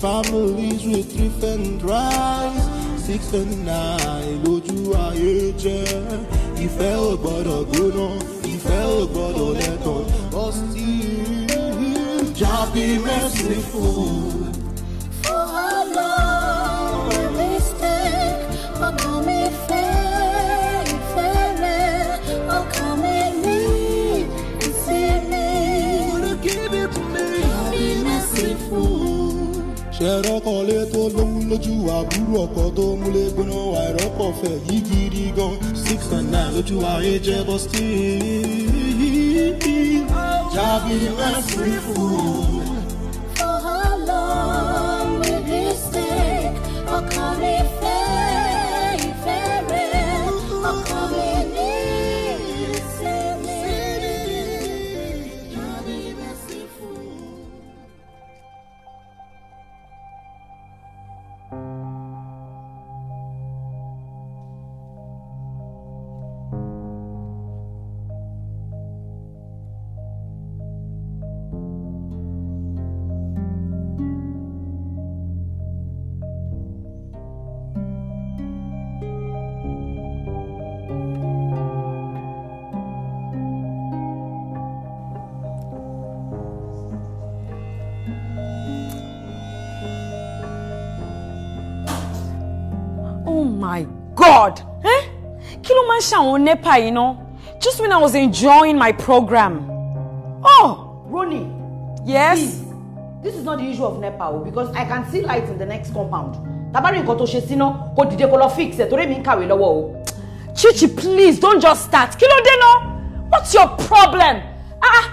families with three and rice six and nine lójú ayé jẹ́ ìfẹ́ ò gbọ́dọ̀ gbóná ìfẹ́ ò gbọ́dọ̀ lẹ́tọ̀ọ́ bọ́sì. Jabi, be merciful. ṣẹ̀rọ̀kọ̀ lé tó lóhun lójú àbúrò ọkọ̀ tó múlé gbóná wà ìrọ́pọ̀ fẹ̀ yí gidi gan six and nine lójú ayé jẹ́ bọ́ still. Jabi man free food. For how long will you stay? Or come if ń ṣàwọn nepa you know, just when I was enjoying my program. oh. Ronnie. yes. please this is not the issue of nepa because I can see light in the next compound tabari nǹkan tó ṣe síná kò dìde kó lọ fix ẹ torí mi ń kàwé lọ́wọ́ o. Chichi please don't just start kí ló dé náà what's your problem ah, ah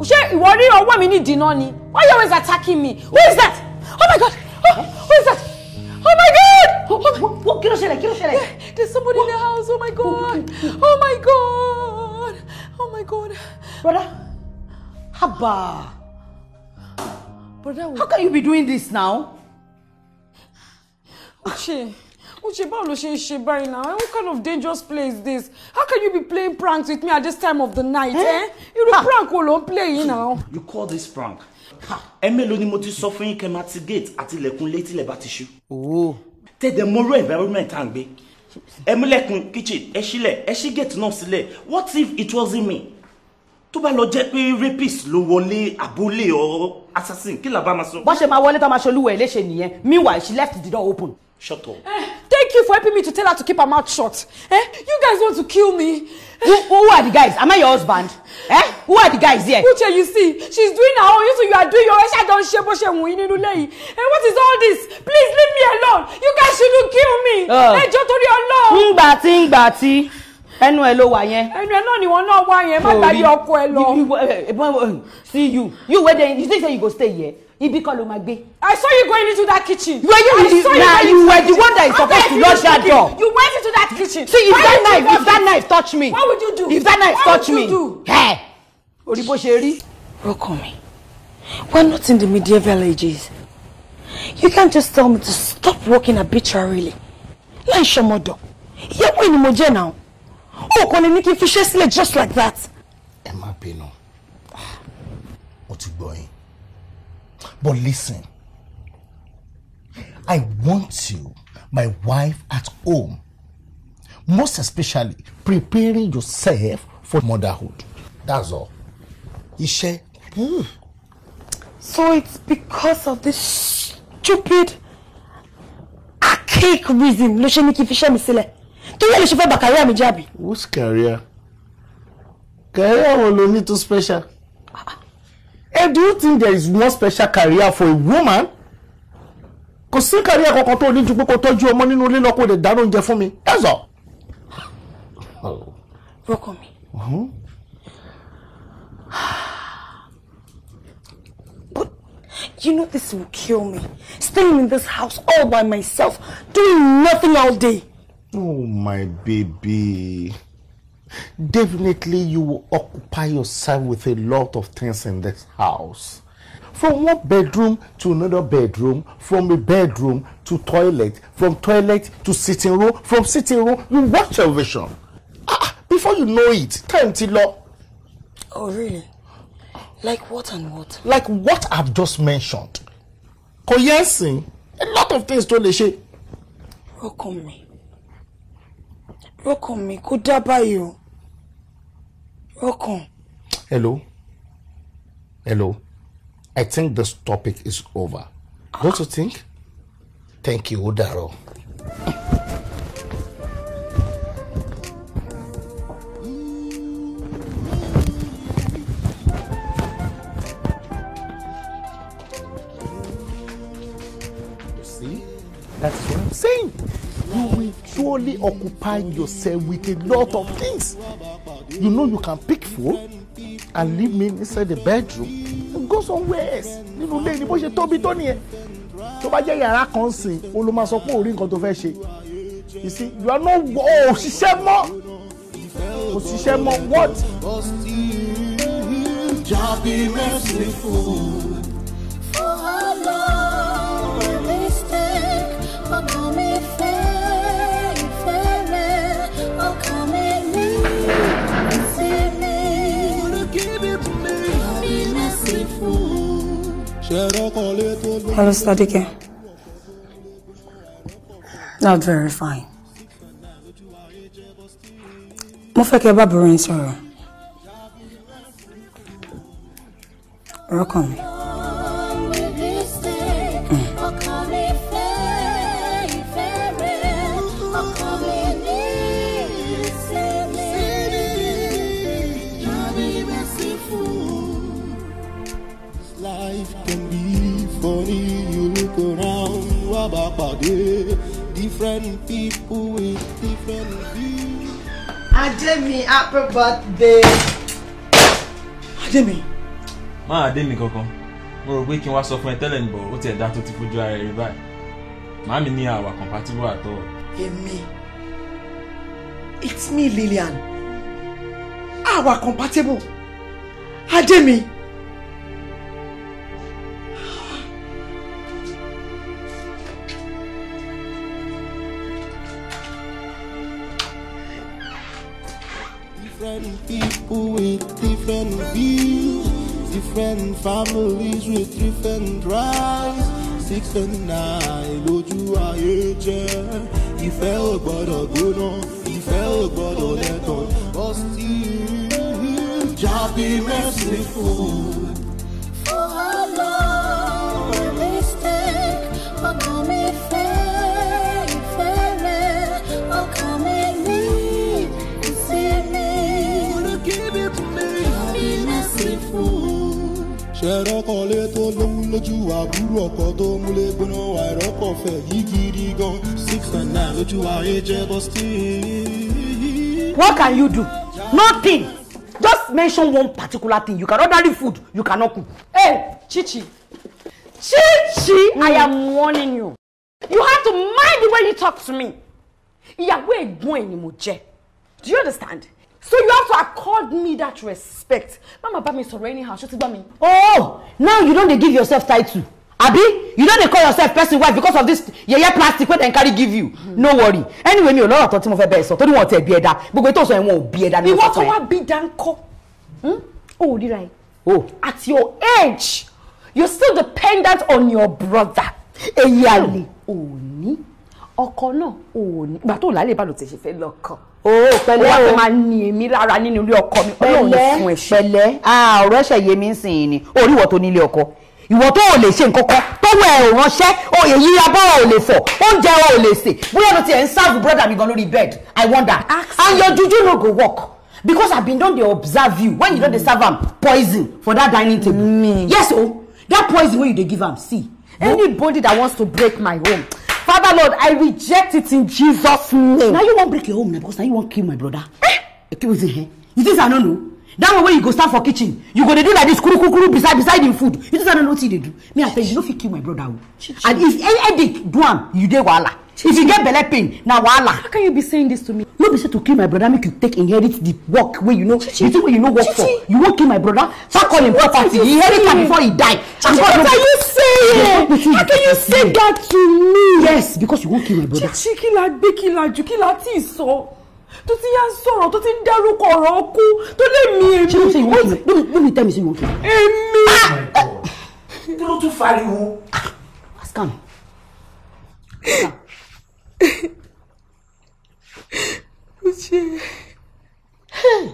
ṣé ìwọ rí ọwọ́ mi ní dìnnà ni why you always attacking me who is that oh my god oh, who is that. Oh my God! Oh, oh, oh, kí ló ṣẹlẹ̀? Kí ló ṣẹlẹ̀? There's somebody what? in the house. Oh my oh, oh, God! Oh, oh my God! Oh my God! Brother, haba. Brother, how can you be doing this now? Uche, Uche, báwo ló ṣe ń now? What kind of dangerous place is this? How can you be playing pranks with me at this time of the night? Eh? eh? Irú prank wo ló play now? You call this prank? ẹ mélòó ni mo ti sọ fún yín kẹ́ máa ti gate àti ilẹ̀kùn létí ilẹ̀ bá ti ṣú. tẹ̀dẹ̀ mo rú environment à ń gbé ẹ múlẹ̀kùn kitchen ẹ sílẹ̀ ẹ ṣí gate náà sílẹ̀ what if it wasn't me tó bá lọ jẹ́ pé rapist ló wọlé àbólé ọ assassin kí làbá máa sọ. bọ́n ṣe máa wọlé tó máa ṣolúwẹ̀ léṣe nìyẹn meanwhile she left the door open. Shut up. Eh, thank you for helping me to tell her to keep her mouth shut. Eh? You guys want to kill me. Eh. Who, who are the guys? Am I your husband? Eh? Who are the guys here? Uche, you see, she's doing her own. You see, you are doing your own. She don't share what she And what is all this? Please leave me alone. You guys shouldn't kill me. Oh. Ẹ jọ̀ọ́ torí Ọlọ́run. Ngbà tí ngbà tí ẹnu ẹ ló wà yẹn. ni wọn náà wà yẹn má gbàgbé ọkọ ẹ lọ. Eh, eh, see you you where dey you think say you go stay here ibi kan ló máa gbé. I saw you going into that kitchen. Were you I saw you going you were the one that is supposed to lock that door. You went into that kitchen. See if Why that knife if that knife touch me. What would you do? If that knife touch me. Hey, orí bó ṣe rí. Rọ́kàn mi, we're not in the medieval ages. You can't just tell me to stop working arbitrarily. Láì ṣọmọdọ̀, ìyàwó ẹni mo jẹ́ náà. O kò lè ní kí n fi ṣe sílẹ̀ just like that. Ẹ má bínú, mo ti gbọ́ yín. But listen, I want you, my wife at home, most especially preparing yourself for motherhood. That's all. Iṣẹ́. Mm. So it's because of this stupid archaic reason ló ṣe ní kí n fi ṣẹ́ mi sílẹ̀. Torí ẹ̀ lè ṣe fẹ́ bà kàríà mi jábì. Whose career? Career wo lo ní special? Hey, do you think there is one special career for a woman? Kò sí career kankan tó ní ju pé kó tọ́jú ọmọ nínú ilé lọ́kọ̀ lè dáná oúnjẹ fún mi. That's all. Rọ́kọ̀ mi. Mm-hmm. But you know this will kill me. Staying in this house all by myself, doing nothing all day. Oh my baby definitely you will occupy yourself with a lot of things in this house. From one bedroom to another bedroom, from a bedroom to toilet, from toilet to sitting room, from sitting room, you watch television. Ah, before you know it, time ti lọ. Oh, really? Like what and what? Like what I've just mentioned. Kò a lot of things don't they? ṣe. Rọ́kàn mi, rọ́kàn mi kò dá báyìí o. Welcome. Hello. Hello. I think this topic is over. Don't you think? Thank you, Udaro. See? That's what I'm saying. No, wait. surely occupy yourself with a lot of things. You know you can pick food and leave me inside the bedroom and go somewhere else. Nínú ilé ni bó ṣe tóbi tó nìyẹn. Tó bá jẹ́ yàrá kan sìn, o ló máa sọ pé òórí nǹkan tó fẹ́ ṣe. You see, you are not Oh, òṣìṣẹ́ mọ́. Òṣìṣẹ́ mọ́ what? Just be merciful. For how long will this take? Hello, Sadike. Not very fine. Mo fẹ́ kí ẹ bá bùrọ̀ yín sọ̀rọ̀. Rọ́kàn mi. tá pàdé different people with different views. Ademi happy birthday. Ademi. Má Ademi kankan, mo rò pé kí n wá sọ fún ẹ tẹ́lẹ̀ níbọ̀ ó tiẹ̀ dá tó ti fojú ara rẹ̀ báyìí. Màámi ní àwa compatible àtọ̀. Èmi, it's me Lillian, àwa compatible, Ademi. people with different views, different families with different rights. Six and nine, lójú ayé jẹ́, He fell but gbóná, ìfẹ́ ò he fell But But still, just be merciful. For a long will we stay? For coming ẹ̀rọ́kọ̀ lé tó lóhun lójú àbúrò ọkọ̀ tó múlé gbóná àìrọ́kọ̀ fẹ̀ yí gidi gan six and nine lójú ayé jẹ́ bọ́ sí. What can you do? Nothing. Just mention one particular thing. You can order food. You cannot cook. Hey, Chichi. Chichi, mm. I hmm. am warning you. You have to mind the way you talk to me. Ìyàwó ẹ̀gbọ́n ẹ̀ ni mo jẹ́. Do you understand? so you have to accord me that respect mama bá mi sọ̀rọ̀ anyhow ṣó ti gbá mi. oh now you don't dey give yourself title abi you don't dey call yourself person wife because of this yeye plastic What dem carry give you mm. no worry anyway mi ò lọ́rọ̀ tán tí mo fẹ́ bẹ́ẹ̀ sọ torí want to be bí ẹ̀dá gbogbo ètò ìsọ̀yìn wọn ò bí ẹ̀dá ní ìsọ̀tọ̀ yẹn. ìwọ tó wá bí dáńkọ́ hmm? o ò ríra ẹ oh. at your age you're still dependent on your brother èyí àlè òní ọkọ náà òní gbà tó làálẹ̀ bá lò tẹ̀ ṣe fẹ́ lọ́kàn. Oh, pẹ̀lẹ́ o wá fẹ́ máa ní èmi lára nínú ilé ọkọ mi Ọlọ́run fún ẹ ṣe pẹ̀lẹ́ ọ̀rọ̀ ẹsẹ yé mi ń sìn yìí ni orí ìwọ tó nílé ọkọ ìwọ tó ò lè ṣe nǹkan kan tọwọ́ ẹ ò ránṣẹ́ òye yí abọ́rọ̀ ò lè fọ̀ oúnjẹ ọ ò lè sè bóyá ló tiẹ̀ ń sáàbù brọ́dà mi gan lórí bed i wonder and your juju no go work because i bin don dey observe you when you don dey serve am um, poison for that dining table mm. yes o oh, that poison wey you dey give am see anybody that wants to break my home Father Lord, I reject it in Jesus' name. Now you won't break your home now because now you won't kill my brother. Eh? eh? You think I don't know? That way when you go stand for kitchen, you gonna do like this kuru kuru beside beside him food. You think I don't know what you do? Me I tell you, you no fit kill my brother o. Oh. And if any headache do am, you dey wahala if you get belle pain na wahala. how can you be saying this to me. You be said to kill my brother make you take inherit the work where you know Chichi. the where you know work Chichi. for you won't kill my brother pack calling him property inherit am before he die. Chichi, what are you saying how can you say me. that to me. yes because you won't kill my brother. Chichi kill la gbé kill la jù kí la tí ì To see ti yá To tó ti ń dárúkọ ọ̀rọ̀ ọkú tó lè mi èmi. ṣé o ṣe ìwọ kìlọ̀ lórí mi tẹ́ mi sí ìwọ kìlọ̀. èmi. Ah! kí ló tún fariwo. Ah! ask am. ṣe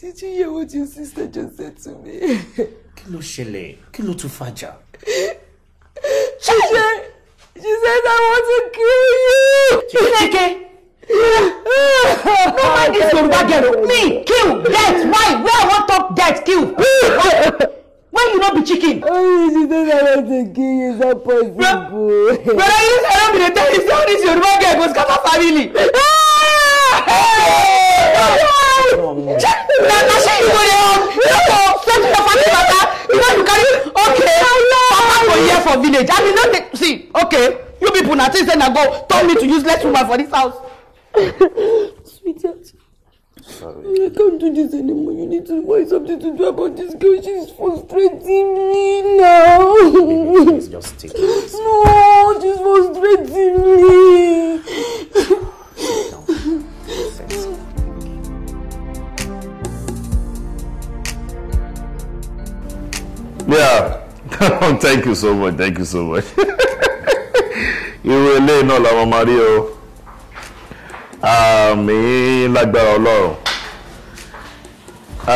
did you hear what your sister just said to me. kí ló ṣẹlẹ̀ kí ló tún she said she said I want to kill you. Chike. no mind this Yoruba girl me kill death why where I wan talk death kill. why you no be chicken. oh you dey say na wetin kill you is not possible. brother you see, i no be dey tell you say all this yoruba girl go scatter family. na na shey you go dey hug you go settle your family matter you know you carry okay papa go hear for village and you no dey see okay you people na think say na god turn me to useless woman for this house. sweetheart sorry. I can't do this anymore. You need to find something to do about this girl. She's frustrating me now. Baby, please just take it. No, she's frustrating me. Yeah. Thank you so much. Thank you so much. Irú eléyìí náà làwọn máa rí àmín lágbára ọlọ́run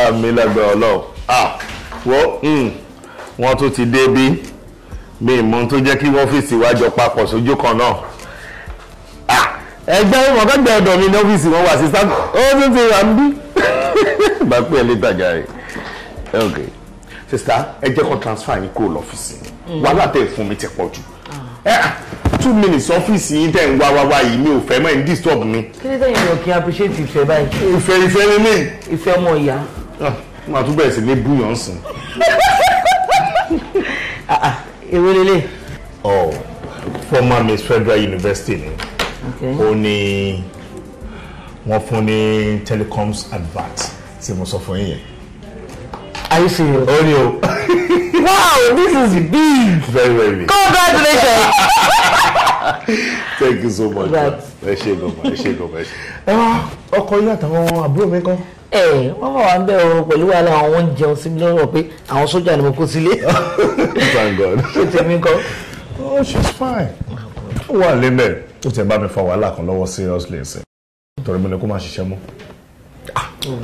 àmín lágbára ọlọ́run ah wọ́n hmm, wọ́n tún ti dé bí mi ìmọ̀ tó jẹ́ kí ọ́fíìsì wa jọ papọ̀ sójú kan náà ẹgbẹ́ ọ̀gọ́gbẹ́ ọ̀dọ̀ mi ní ọ́fíìsì wọn wà sí sáà ó tún ti rà ń bí bá pè é létà jàre ok sista ẹ jẹ́ kó transfer yín kúrò lọ́fíìsì mm. wàhálà tẹ̀ fún mi ti pọ̀ jù Eh, two minutes ọ́fíìsì yìí tẹ̀ ń wá wá wá yìí mi ò fẹ́ mọ́ ẹ̀ ń disturb mi. kí ló dé ìyọ̀ kí appreciate ìfẹ́ báyìí. ìfẹ́ ìfẹ́ ni mí. ìfẹ́ ọmọ ìyá. Ah, màá tún bẹ̀rẹ̀ sí ní búyàn sìn. èwo lélẹ̀. ọ former Miss Federal University ni ó ní wọ́n fún ní telecoms advert tí mo sọ fún yín yẹn. ayé ṣe yẹn. ó ní o. Wow, this is big. Very, very big. Congratulations. Thank you so much. Ẹ ṣe gọ̀mọ̀, ẹ ṣe gọ̀mọ̀, ẹ ṣe. Ẹ wá ọkọ yín àtàwọn àbúrò mi kan. Ẹ wọ́n bá wa ń bẹ̀ ọ pẹ̀lú wàhálà àwọn oúnjẹ sí mi lọ́rọ̀ pé àwọn sójà ni mo kó sílé. Thank God. Ṣé tèmi kọ? Oh, she's fine. Ó wà lébẹ̀. Ó ti ẹ̀ bá mi fa wàhálà kan lọ́wọ́ seriously ẹ̀sẹ̀. Torí mo ní kó má ṣiṣẹ́ mọ́. Ah, oh,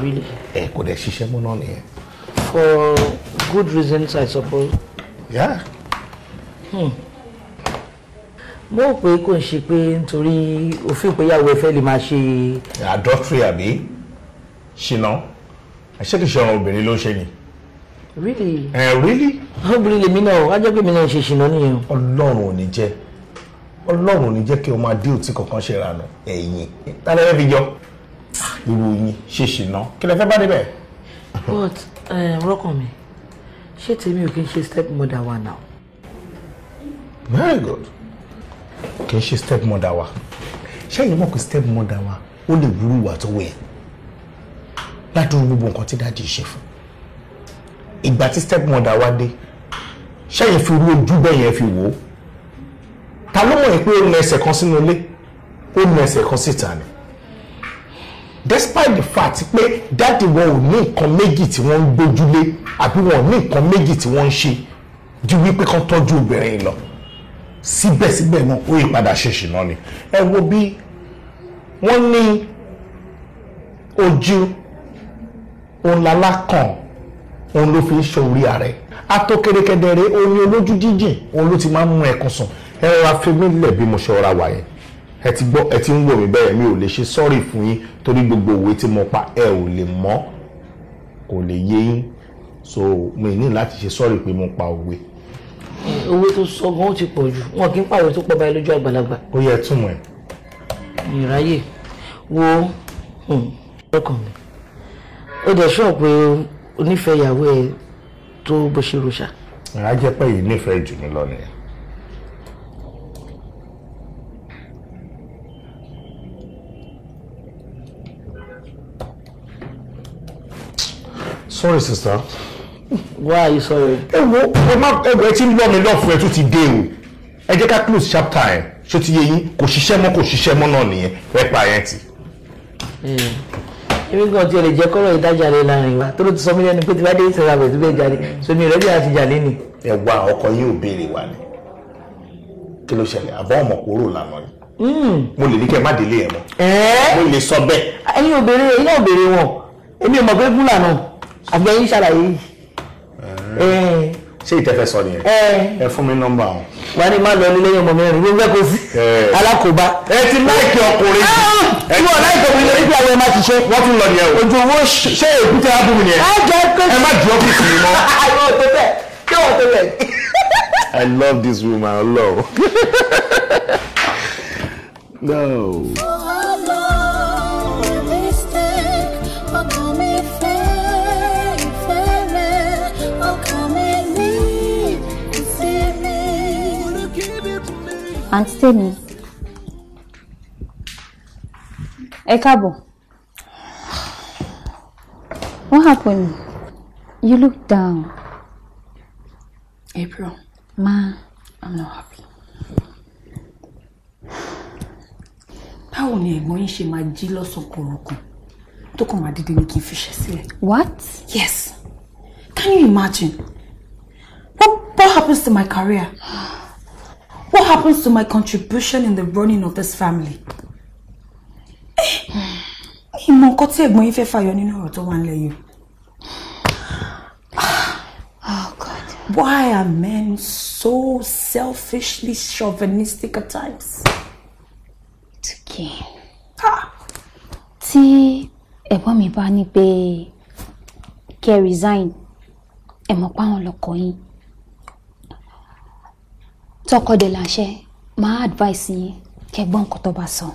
ẹ kò dẹ̀ ṣiṣẹ́ mọ́ náà nìyẹn. For good reasons, I suppose. Yeah. Hmm. Mo pé kò ń ṣe pé nítorí òfin ìpéyàwó ẹ fẹ́ lè máa ṣe. Adultery àbí ṣìnà àṣekìṣe ọ̀ràn obìnrin ló ṣe ni. Really? Eh, really? Obìnrin lèmi náà, wá jẹ́ pé mi náà ṣe ṣìnà nìyẹn. Ọlọ́run ò ní jẹ́ Ọlọ́run ò ní Ke kí o máa dé òtí kankan ṣe ìranù ẹ̀yìn. Tálẹ́ fẹ́ fi yọ ah, irú yín ṣe ṣìnà kí lẹ fẹ́ bá débẹ̀. But eh, rọ́kàn mi ṣé tèmi ò kí n ṣe stepmother wa now. very good kì í ṣe stepmother wa ṣẹ́yìn mọ̀ pé stepmother wa ó lè wúrú wà tó wẹ̀ ládùúgbò gbogbo nǹkan tí dáàdi ṣe fún ìgbà tí stepmother wa dé ṣẹ́yìn fi rú ojú bẹ́ẹ̀ yẹn fi wò ó ta ló mọ̀ pé ó na ẹsẹ̀ kan sínú ilé ó na ẹsẹ̀ kan síta ni despite the fact pé dáàdì wọn ò ní nǹkan méjì tí wọ́n ń gbójúlé àbí wọn ò ní nǹkan méjì tí wọ́n ń ṣe ju wípé kán tọ́jú obìnrin lọ síbẹ̀síbẹ̀ náà ó yí padà ṣe ṣìnà ni ẹ wo bí wọ́n ní ojú òun lálá kàn òun ló fi ń ṣọ́ orí ààrẹ atókèrèkèdèrè òun ni olójú jíjìn òun ló ti máa ń mú ẹkún sùn ẹ rọra fi mí lẹ̀ bí mo ṣe rọra wà yẹn ẹ ti gbọ́ ẹ ti ń wò mí bẹ́ẹ̀ mi ò lè ṣe sọ́ọ̀rì fún yín torí gbogbo òwe tí mo pa ẹ ò lè mọ̀ kò lè yé yín so mi ní láti ṣe sọ́ọ̀rì pé mo pa òwe. òwe tó sọ gan ó ti pọ̀ jù wọn kì í pàwé tó pọ̀ báyìí lójú àgbàlagbà. ó yẹ túmọ̀ ẹ̀. ìráyè wo hmm, ọkàn mi ó dẹ̀ sọ pé onífẹ̀ẹ́ ìyàwó ẹ tó bó ṣe ròṣà. ìrájẹ́pẹ́ yìí nífẹ̀ẹ́ jù mí lọ nìyẹn. sorry sister. why are you sorry. ẹ wo ẹ má ẹ wọ ẹ ti ń lọ mi lọ́ọ̀fù ẹ tún ti dé o ẹ jẹ́ ká close chapter ẹ ṣó ti yé yín kò ṣiṣẹ́ mọ́ kò ṣiṣẹ́ mọ́ náà nìyẹn ẹ pa ẹ ti. Hmm. èmi gan ti le je jẹ kọ́rọ̀ ìdájàre láàrin wa tó ló ti sọ mí lẹ́nu pé tí bá dé ìsẹ̀ra bẹ̀ tó bẹ́ẹ̀ jáde sómi ìrẹ́bí àti jàlé ni. ẹ wá ọkọ yín ò béèrè wa ni kí ló ṣẹlẹ̀ àbọ̀ ọmọ kúrò lánàá yìí hmm. mo lè ní kẹ́ ẹ má délé ẹ mọ́ mo lè sọ bẹ́ẹ̀. ẹ̀yin ò béèrè ẹ̀yin ò béèrè wọn èmi ò mọ̀ pé gúlà àgbẹ̀ yín ṣàlàyé yìí. ṣé ìtẹ́fẹ́ sọ nìyẹn ẹ fún mi nọ́mbà o wà á ní máa lọ ilé lẹ́yìn ọmọ mẹ́rin ní bẹ́ẹ̀ kó sí alákòóbá. ẹ ti láìpẹ́ ọkùnrin. ẹ ti láìpẹ́ ọkùnrin lórí pé àwọn ẹ máa ti ṣe. wọ́n tún lọ nìyẹn o. ojú owó ṣé èkúté ábùmù nìyẹn. ẹ má ju ọ́fíìsì mi mọ́. I love this woman, I no. Oh, àǹtí tèmi ẹ káàbọ̀ what happened you look down. April. Ma. I'm not happy. báwo ni ẹ̀gbọ́n yín ṣe máa jí lọ́sàn-án kọ̀ọ̀kan tó kàn máa dìde ní kí n fiṣẹ́ sílẹ̀. what. yes can you imagine what, what happens to my career. What happens to my contribution in the running of this family? Eh, ìmọ̀ nǹkan tí ẹ̀gbọ́n yín fẹ́ fàyọ nínú Oh God. Why are men so selfishly chauvinistic at times? Tukí. Ah! Tí ẹ̀gbọ́n mi bá ní pé kẹ́ resign, ẹ mọ̀ páwọn lọkọ tọkọdẹ làṣẹ My advice yín kẹgbọ́n nǹkan tó bá sọ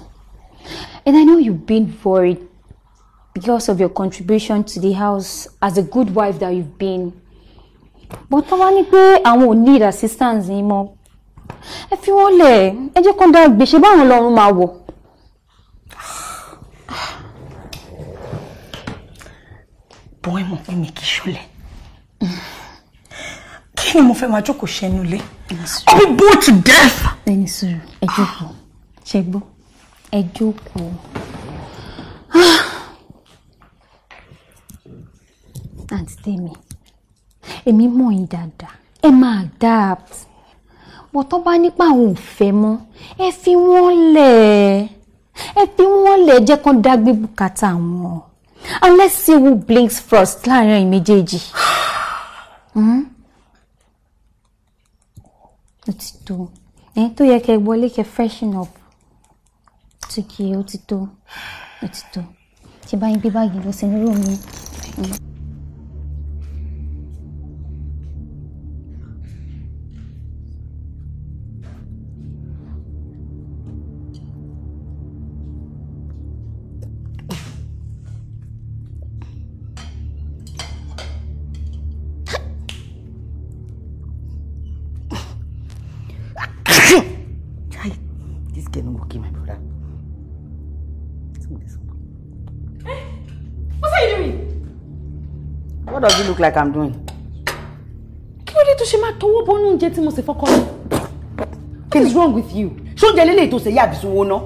and I know you've been worried because of your contribution to the house as a good wife that you've been but tó wá ní pé àwọn ò need assistance yín mọ́ ẹ fi wọ́n lẹ̀ ẹ jẹ́ kó dá gbèsè báwọn lọ́rùn máa wọ̀. bọ́ọ̀ mọ̀ pé mi kì í ṣọlẹ̀ kí ni mo fẹ́ máa jókòó ṣẹnu lé I'll be bored to death. ẹni sùúrù ẹ jókòó ṣe gbọ́ ẹ jókòó. àǹtí tèmi èmi mọ̀ yín dáadáa ẹ máa adapt bó tó bá nípa àwọn òfẹ́ mọ́ ẹ fi wọ́n lẹ̀ ẹ fi wọ́n lẹ̀ jẹ́ kán dágbé bùkátà wọn and let's see who blinks first láàrin ẹ̀yin méjèèjì. Mm-hmm ó ti tó ẹ̀yin tó yẹ kẹ́ wọlé kẹ́ freshen up tó kí ó ti tó ó ti tó ṣe báyìí gbé báàgì lọ sínú rúùmù. What does it look like I'm doing? Kí ló dé tó ṣe máa tọwọ́ bọ́nú oúnjẹ tí mo ṣe fọ́kọ́ mi? What is wrong with you? Ṣé oúnjẹ lélẹ̀ tó ṣe yá àbísúwò náà?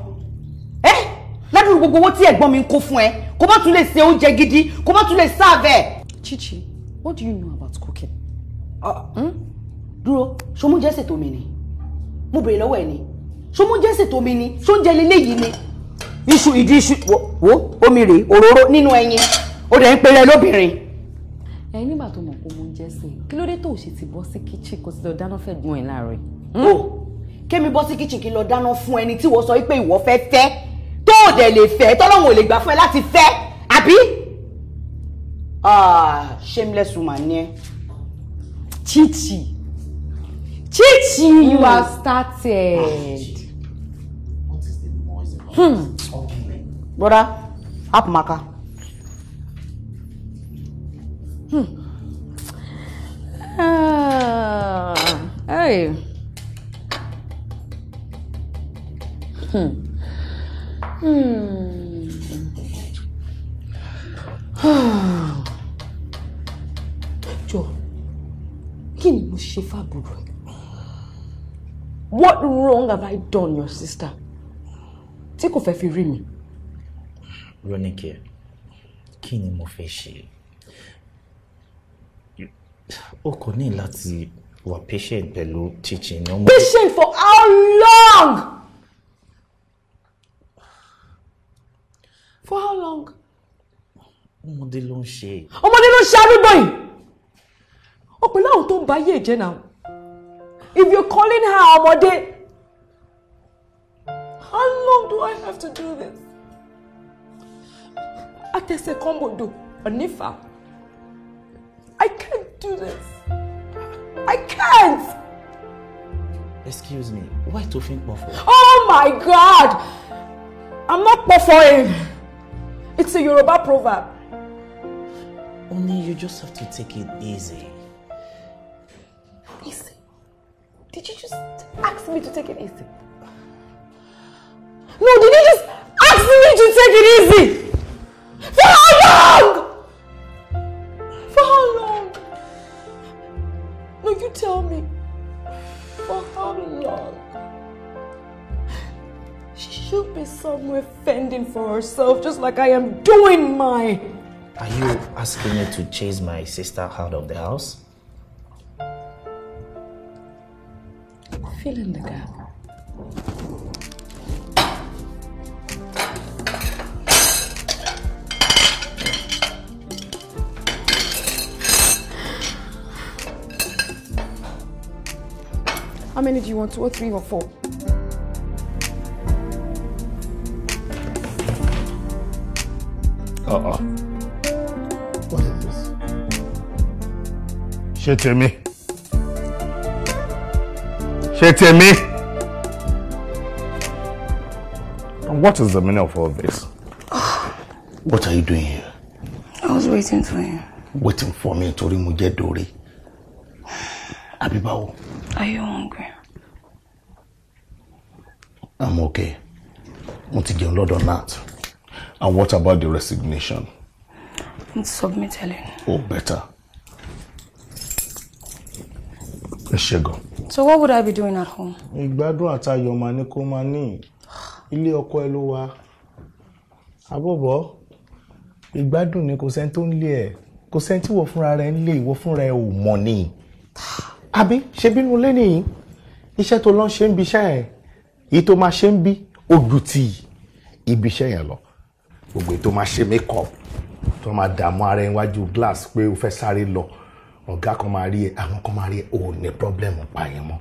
Ẹ́ eh? ládùúgbò gbogbo owó tí ẹ̀gbọ́n mi ń kó fún ẹ, kò bá tún lè ṣe oúnjẹ gidi, kò bá tún lè serve Chichi, what do you know about cooking? Ah, hmm? Dúró, ṣo mú jẹ́sẹ̀ tó mi ni? Mo bèrè lọ́wọ́ ẹ ni. Ṣo mú jẹ́sẹ̀ mi ni? Ṣo oúnjẹ lélẹ̀ ni? Iṣu ìdí iṣu wo omi rèé òróró nínú ẹyin. O dẹ̀ ń pèrè lóbìnrin kí ló dé tó o ṣe ti bọ́ sí kíchìn kó o ti lọ dáná fẹ́ gun ẹ̀ láàárọ̀ yìí. o kémi bọ́ sí kíchìn kí n lọ dáná fún ẹni tí wọ́n sọ wípé ìwọ fẹ́ fẹ́ tó o dẹ̀ lè fẹ́ tọ́lọ́wọ̀n ò lè gbà fún ẹ láti fẹ́ àbí. ah shameless woman ni ẹ. chichi chichi you mm. are started. Ah, hmm. okay. brother apumaka. Hmm. Ah, hey. Hmm. Hmm. Jọ, kí ni mo ṣe fàbùrù? What wrong have I done, your sister? Tí kò fẹ́ fi rí mi. Ronike, kí ni mo fẹ́ ṣe? o kò ní láti wà patient pẹ̀lú teaching. patient for how long? for how long? ọmọdé ló ń ṣe. ọmọdé ló ń ṣe arúgbó yìí ó pẹ̀lú tó ń bá yé ìjẹ́ náà if you calling her ọmọdé how long do I have to do this? atẹsẹ̀ do ọ̀nífà I can't do this. I can't. Excuse me, why to think Buffo? Oh my God! I'm not performing. It's a Yoruba proverb. Only you just have to take it easy. Easy? Did you just ask me to take it easy? No, did you just ask me to take it easy? fending for herself, just like I am doing my. Are you asking me to chase my sister out of the house? Fill in the gap. How many do you want? Two or three or four? Uh-uh. What is this? Ṣé tèmi? Ṣé tèmi? And what is the meaning of all this? What are you doing here? I was waiting for you. Waiting for me nítorí mo dory. dòrè. Àbí báwo? Are you hungry? I'm okay. Mo ti jẹun lọ́dọ̀ that. And what about the resignation? It's submitted. Oh, better. Ṣẹ́gun. So what would I be doing at home? Ìgbádùn àtayọ̀ máa ní kó máa ní. Ilé ọkọ ẹ ló ni kò sẹ́ni tó ń lé ẹ̀. Kò sẹ́ni tí ìwọ fúnra rẹ̀ ń lé ìwọ fúnra ẹ̀ ò ni. Àbí ṣe bínú lé nìyí? Iṣẹ́ tó lọ ṣe ń bi iṣẹ́ ẹ̀. Èyí tó máa ṣe ń bí ó ju gbogbo ètò máa ṣe make up tó máa dààmú ara ẹ níwájú glass pé o fẹ́ sáré lọ ọ̀gá kan máa rí ẹ àwọn kan máa rí ẹ ò ní problem pa yẹn mọ́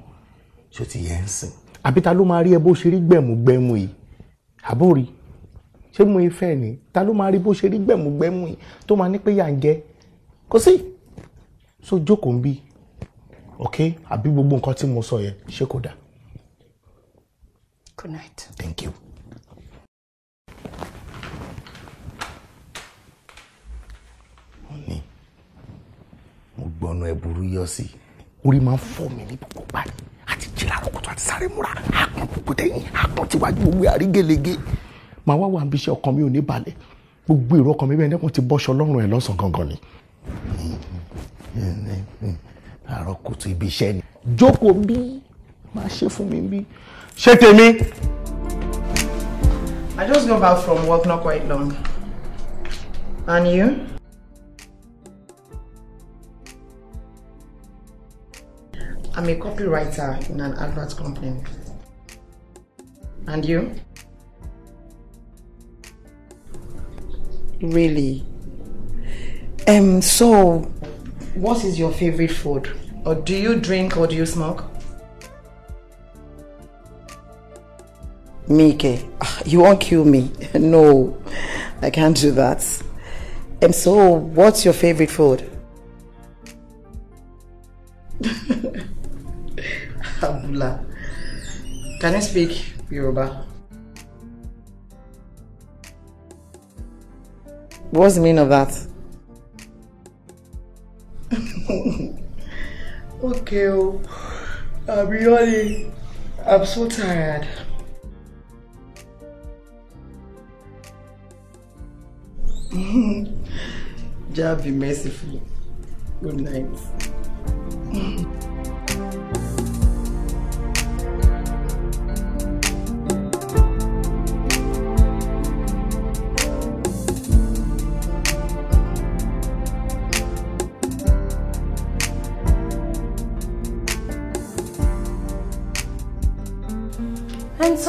ṣó ti yẹn ń sìn àbí ta ló máa rí ẹ bó ṣe rí gbẹ̀mùgbẹ̀mù yìí àbórí ṣé mo fẹ́ ni ta ló máa rí bó ṣe rí gbẹ̀mùgbẹ̀mù yìí tó máa ní pé yà ń jẹ kò sí so jókòó ń bí ok àbí gbogbo nǹkan tí mo sọ yẹn ṣé kò dáa. Good night. Thank you. mo gbọ́nà ẹ̀bùrú yọ sí orí máa ń fọ́ mi ní gbogbo báyìí àti jìnnà àlọ́kọ̀tọ̀ àti sáré múra àpọ̀n gbogbo tẹ̀yìn àpọ̀n tíwájú gbogbo àrígelege màá wá wà níbi iṣẹ́ ọkàn mi ò ní balẹ̀ gbogbo èrò ọkàn mi bẹ́ẹ̀ nẹ́kùn ti bọ́ṣọ lọ́rùn ẹ̀ lọ́sàn gangan ni. àárọ̀ kùtù ibi iṣẹ́ ni. jókòó bí máa ṣe fún mi bí. ṣé tèmi. I just got back from work not quite long. And you? I'm a copywriter in an advert company. And you? Really? Um, so, what is your favorite food? Or do you drink or do you smoke? Mike, ah, you won't kill me. no, I can't do that. And um, so, what's your favorite food? Can you speak Yoruba? What's the meaning of that? okay, oh, I'm really, I'm so tired. Just be merciful. Good night.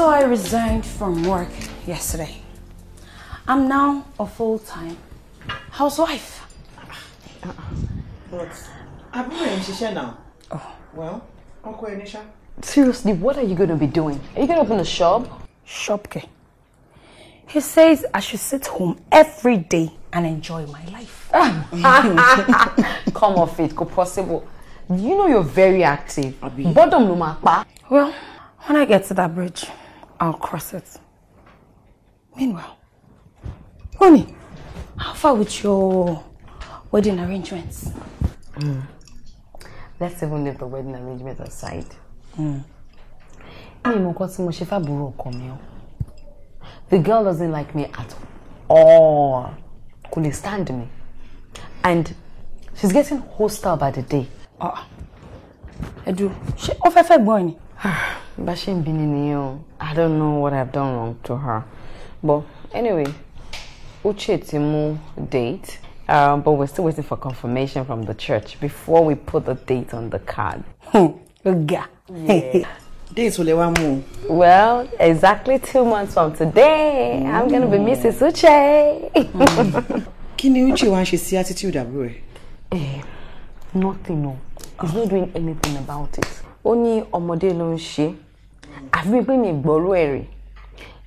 So I resigned from work yesterday. I'm now a full-time housewife. Uh -uh. But Abura and Shisha now. Oh. Well, Uncle Enisha. Seriously, what are you going to be doing? Are you going to open a shop? Shop, okay. He says I should sit home every day and enjoy my life. Come off it, go possible. You know you're very active. Bottom no Well, when I get to that bridge, I'll cross it. Meanwhile, Ronnie, how far with your wedding arrangements? Mm. Let's even leave the wedding arrangements aside. Mm. The girl doesn't like me at all. Couldn't stand me. And she's getting hostile by the day. Oh, I do. She fẹ́ fẹ́ boy. Bashim Bininiyo, I don't know what I've done wrong to her. But anyway, Uche Timu date, um, but we're still waiting for confirmation from the church before we put the date on the card. yeah. Dates will ever move. Well, exactly two months from today, I'm going to be Mrs. Mm. Uche. mm. Kini Uche wan ṣe sí attitude àbúrò Eh, nothing no. He's not doing anything about it ó ní ọmọdé ló ń ṣe àfi pé mi gbọ́rú ẹ̀ rè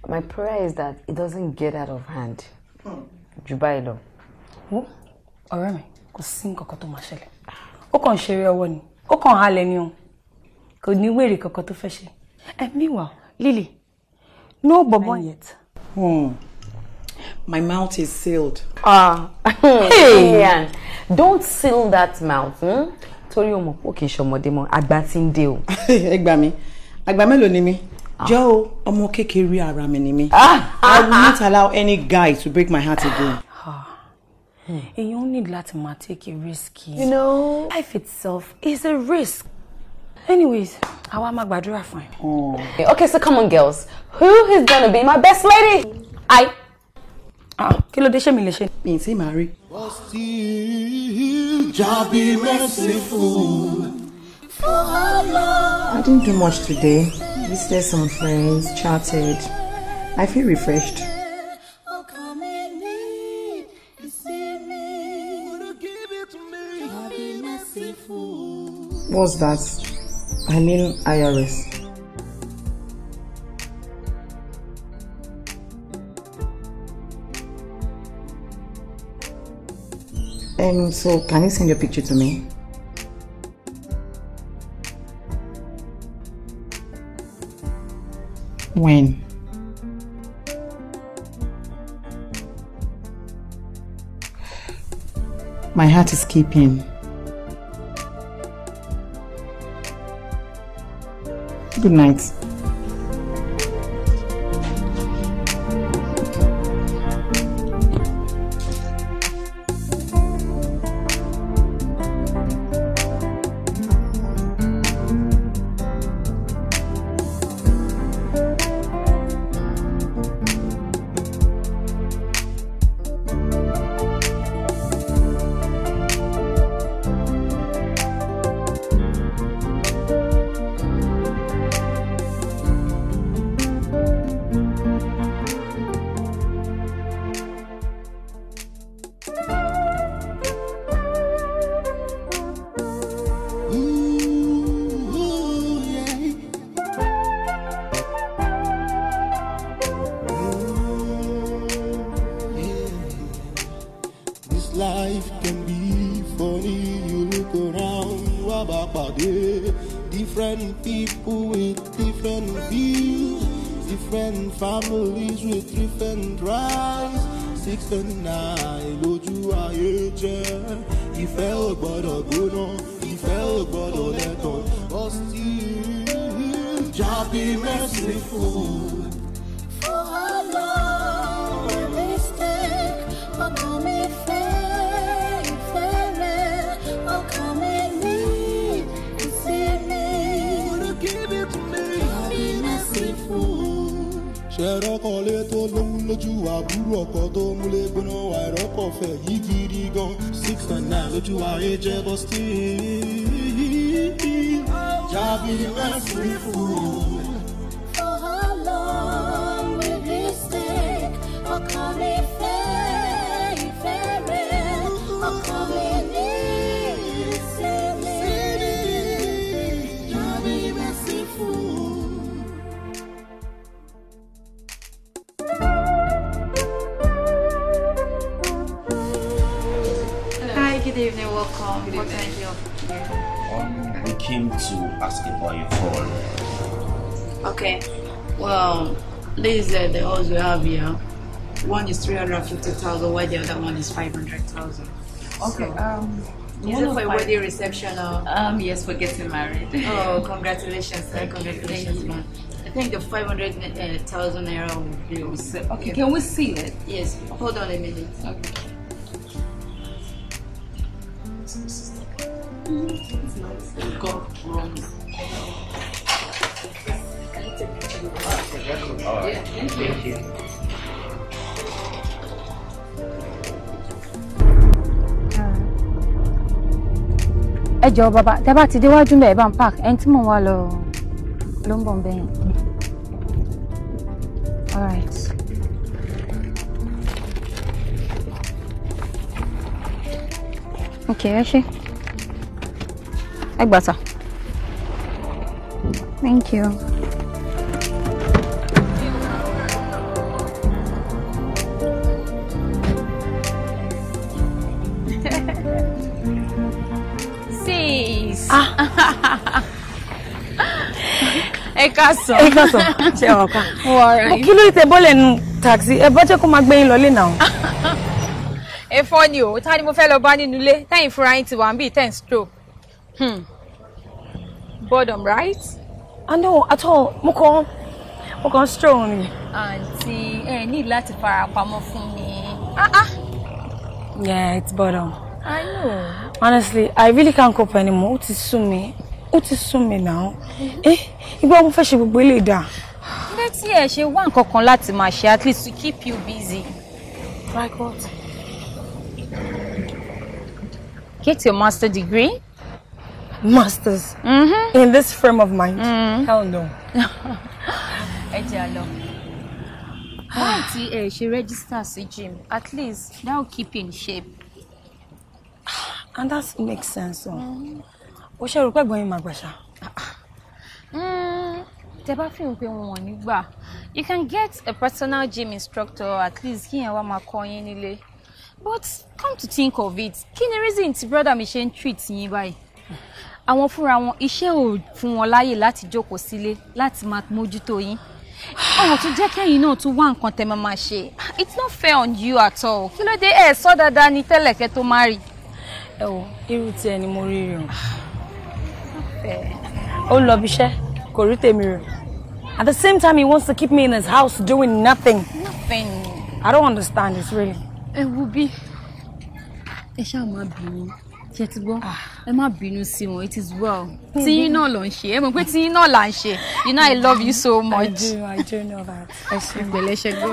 my prayer is that it doesn't get out of hand jù báyìí lọ. wo ọ̀rẹ́ mi kò sí nǹkan kan tó máa ṣẹlẹ̀ ó kàn ń ṣeré ọwọ́ ni ó kàn ń halẹ̀ ni o kò ní wèrè kankan tó fẹ́ ṣe ẹ meanwhile Lily no bobo yet. Hmm. My mouth is sealed. Ah, hey, Ian, don't seal that mouth. Hmm? torí o mọ̀ pé kì í ṣọmọdé mọ́ àgbà ti ń dé o. ẹ gbà mí àgbà mélòó ni mí ah. jọ o ọmọ kékeré ara mi ni mí ah. I will not allow any guy to break my heart again. Ah. èèyàn need láti máa take a risk. you know life itself is a risk. Anyways, àwa máa gbàdúrà fún ẹ. Okay, oh. okay, so come on girls. Who is gonna be my best lady? I. Ah, kí ló dé ṣé mi lè ṣe? Mi ì tí ì máa rí. I didn't do much today. Visited some friends, chatted. I feel refreshed. What's that? I mean IRS. Um, so can you send your picture to me? When? My heart is keeping. Good night. going to ask about your phone. Okay. Well, these are uh, the odds we have here. One is 350,000, while the other one is 500,000. Okay. So, um, is it oh for a wedding reception or? Um, yes, for getting married. Oh, congratulations, sir. Congratulations, man. I think the 500,000 uh, naira will be. So, okay, can we see it? Yes, hold on a minute. Okay. Mm-hmm. God promise. ẹ jọ̀ọ́ bàbá tẹ́ bá ti déwájú mbẹ ẹ bá ń park ẹni tí mò ń wá lọ ló ń bọ̀ mbẹ Okay, ẹ ṣé ẹ gbà thank you. sis. Ah. ẹ káàsán. ẹ káàsán ṣe wà ká. wọ́ọ̀rẹ́. kí ló tẹ bọ́lẹ̀ nu taxi ẹ bá jẹ́ kó máa gbẹ́yìn lọ́lé náà ẹ fọ́ ni o ta ni mo fẹ́ lọ bá nínú ilé tẹ́yìn fúnra yín ti wà ń bí ten stroke. Hmm. Boredom, right? I ah, know at all. Mo kàn mo kàn stroll ni. Àǹtí ẹ ní láti fara pamọ́ fún mi. Ah ah. Yeah, it's boredom. I know. Honestly, I really can't cope anymore. Ó ti sú mi. Ó ti sú mi now. Mm-hmm. Eh, ìgbà mo fẹ́ ṣe gbogbo ilé dà. Bẹ́ẹ̀ tí ẹ ṣe wá nǹkan kan láti máa ṣe at least to keep you busy. Like what? Get your master degree masters mm -hmm. in this frame of mind. Mm. Hell no. Ẹ jẹ́ àlọ́. Why ti ẹ ṣe gym? At least that will keep in shape. And that makes sense. Oh, ṣe rò pé ẹ̀gbọ́n yín máa gbàṣà. Mm-hmm. Tẹ bá fi hàn pé wọn ò You can get a personal gym instructor at least kí yẹn wá máa kọ́ yín But come to think of it, kí reason to brother machine ṣe ń treat yín báyìí? àwọn fúnra wọn iṣẹ́ ò fún wọn láyè láti jókòó sílé láti máa mójútó yín ọ̀rọ̀ tó jẹ́ kẹ́yìn náà tún wá nǹkan tẹ́ máa ṣe it's not fair on you at all kí ló dé ẹ̀ sọ dáadáa ní tẹ́lẹ̀ kẹ́ tó má rí. ẹ wo irú tiẹ̀ ni mo rí rìn ó lọ bí iṣẹ́ kò rí tèmi rìn at the same time he wants to keep me in his house doing nothing. nothing. I don't understand this really. ẹ wo bí ẹ ṣáà máa bì mí ṣe ti gbọ́ ah. ẹ má bínú sí wọn it is well hmm. tíyín náà ló ń ṣe ẹ mọ̀ pé tíyín náà là ń ṣe you know i love you so much. i do i do know that. ẹ ṣe gbẹlẹ ṣe gbọ́.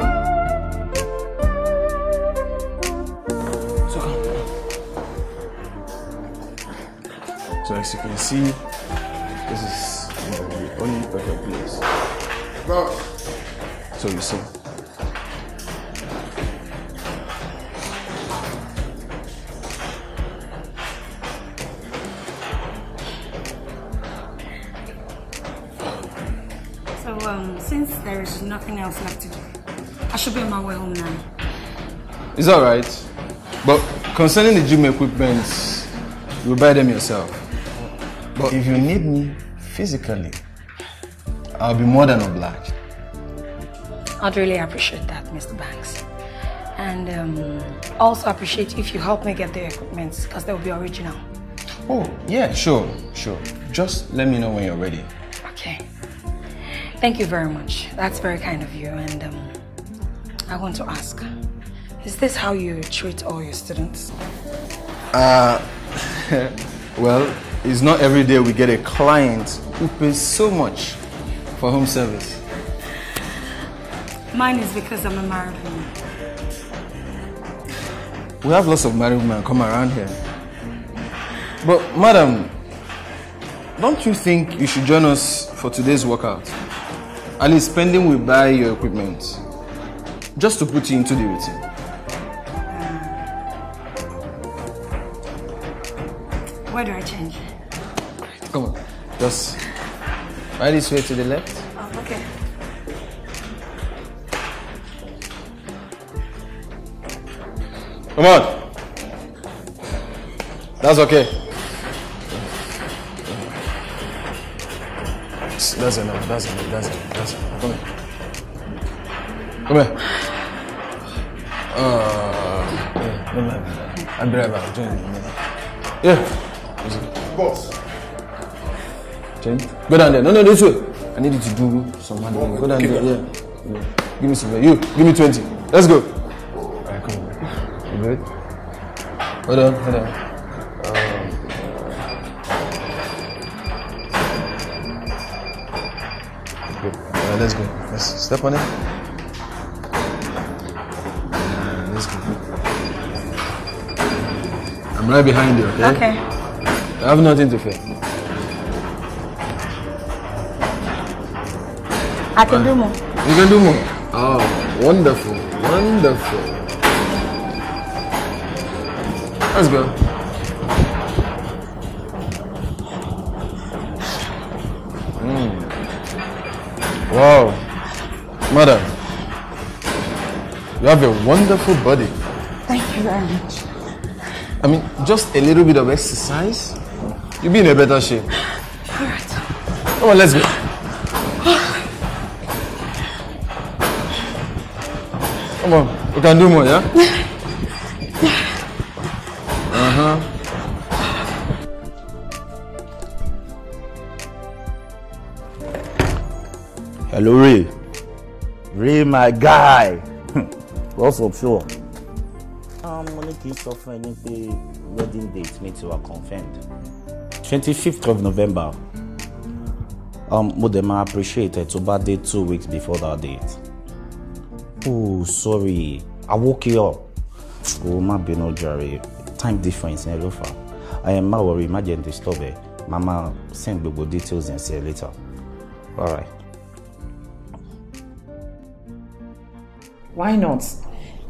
So as you can see, this is the only perfect place. Bro, So you see. um, since there is nothing else left to do, I should be on my way home now. It's all right. But concerning the gym equipment, you buy them yourself. But if you need me physically, I'll be more than obliged. I'd really appreciate that, Mr. Banks. And um, also appreciate if you help me get the equipment because they'll be original. Oh, yeah, sure, sure. Just let me know when you're ready. Thank you very much. That's very kind of you. And um, I want to ask, is this how you treat all your students? Uh, well, it's not every day we get a client who pays so much for home service. Mine is because I'm a married woman. We have lots of married women come around here. But, madam, don't you think you should join us for today's workout? and his spending will buy your equipment. Just to put you into the routine. Where do I change? Come on, just right this way to the left. Oh, okay. Come on. That's okay. That's enough. That's enough. That's enough. That's enough. Come here. Come here. Uh, yeah, don't mind me. I'll Join me. Yeah. Boss. Jane, go down there. No, no, this way. I need you to do some money. Oh, go down there. Yeah. yeah. Give me some. You, give me 20. Let's go. All right, come on. You good? Hold on, hold on. let's go. Let's step on it. let's go. I'm right behind you, okay? Okay. I have nothing to fear. I can do more. You can do more. Oh, wonderful. Wonderful. Let's go. Wow. Oh, mother, you have a wonderful body. Thank you very much. I mean, just a little bit of exercise, you'll be in a better shape. All right. Come on, let's go. Come on, we can do more, yeah? my guy what's up sure. Um, money kí n sọ fún ẹ ní pé wedding date mi ti wà confirmed twenty fifth of november um, mo dẹ̀ máa appreciate ẹ̀ tó bá dé two weeks before that date. oh sorry I woke you up. o má bínú jàre time difference ẹ ló fà á má worry má jẹ́ disturb ẹ Mama, send gbogbo details ẹ̀ sí ẹ later. alright. Why not?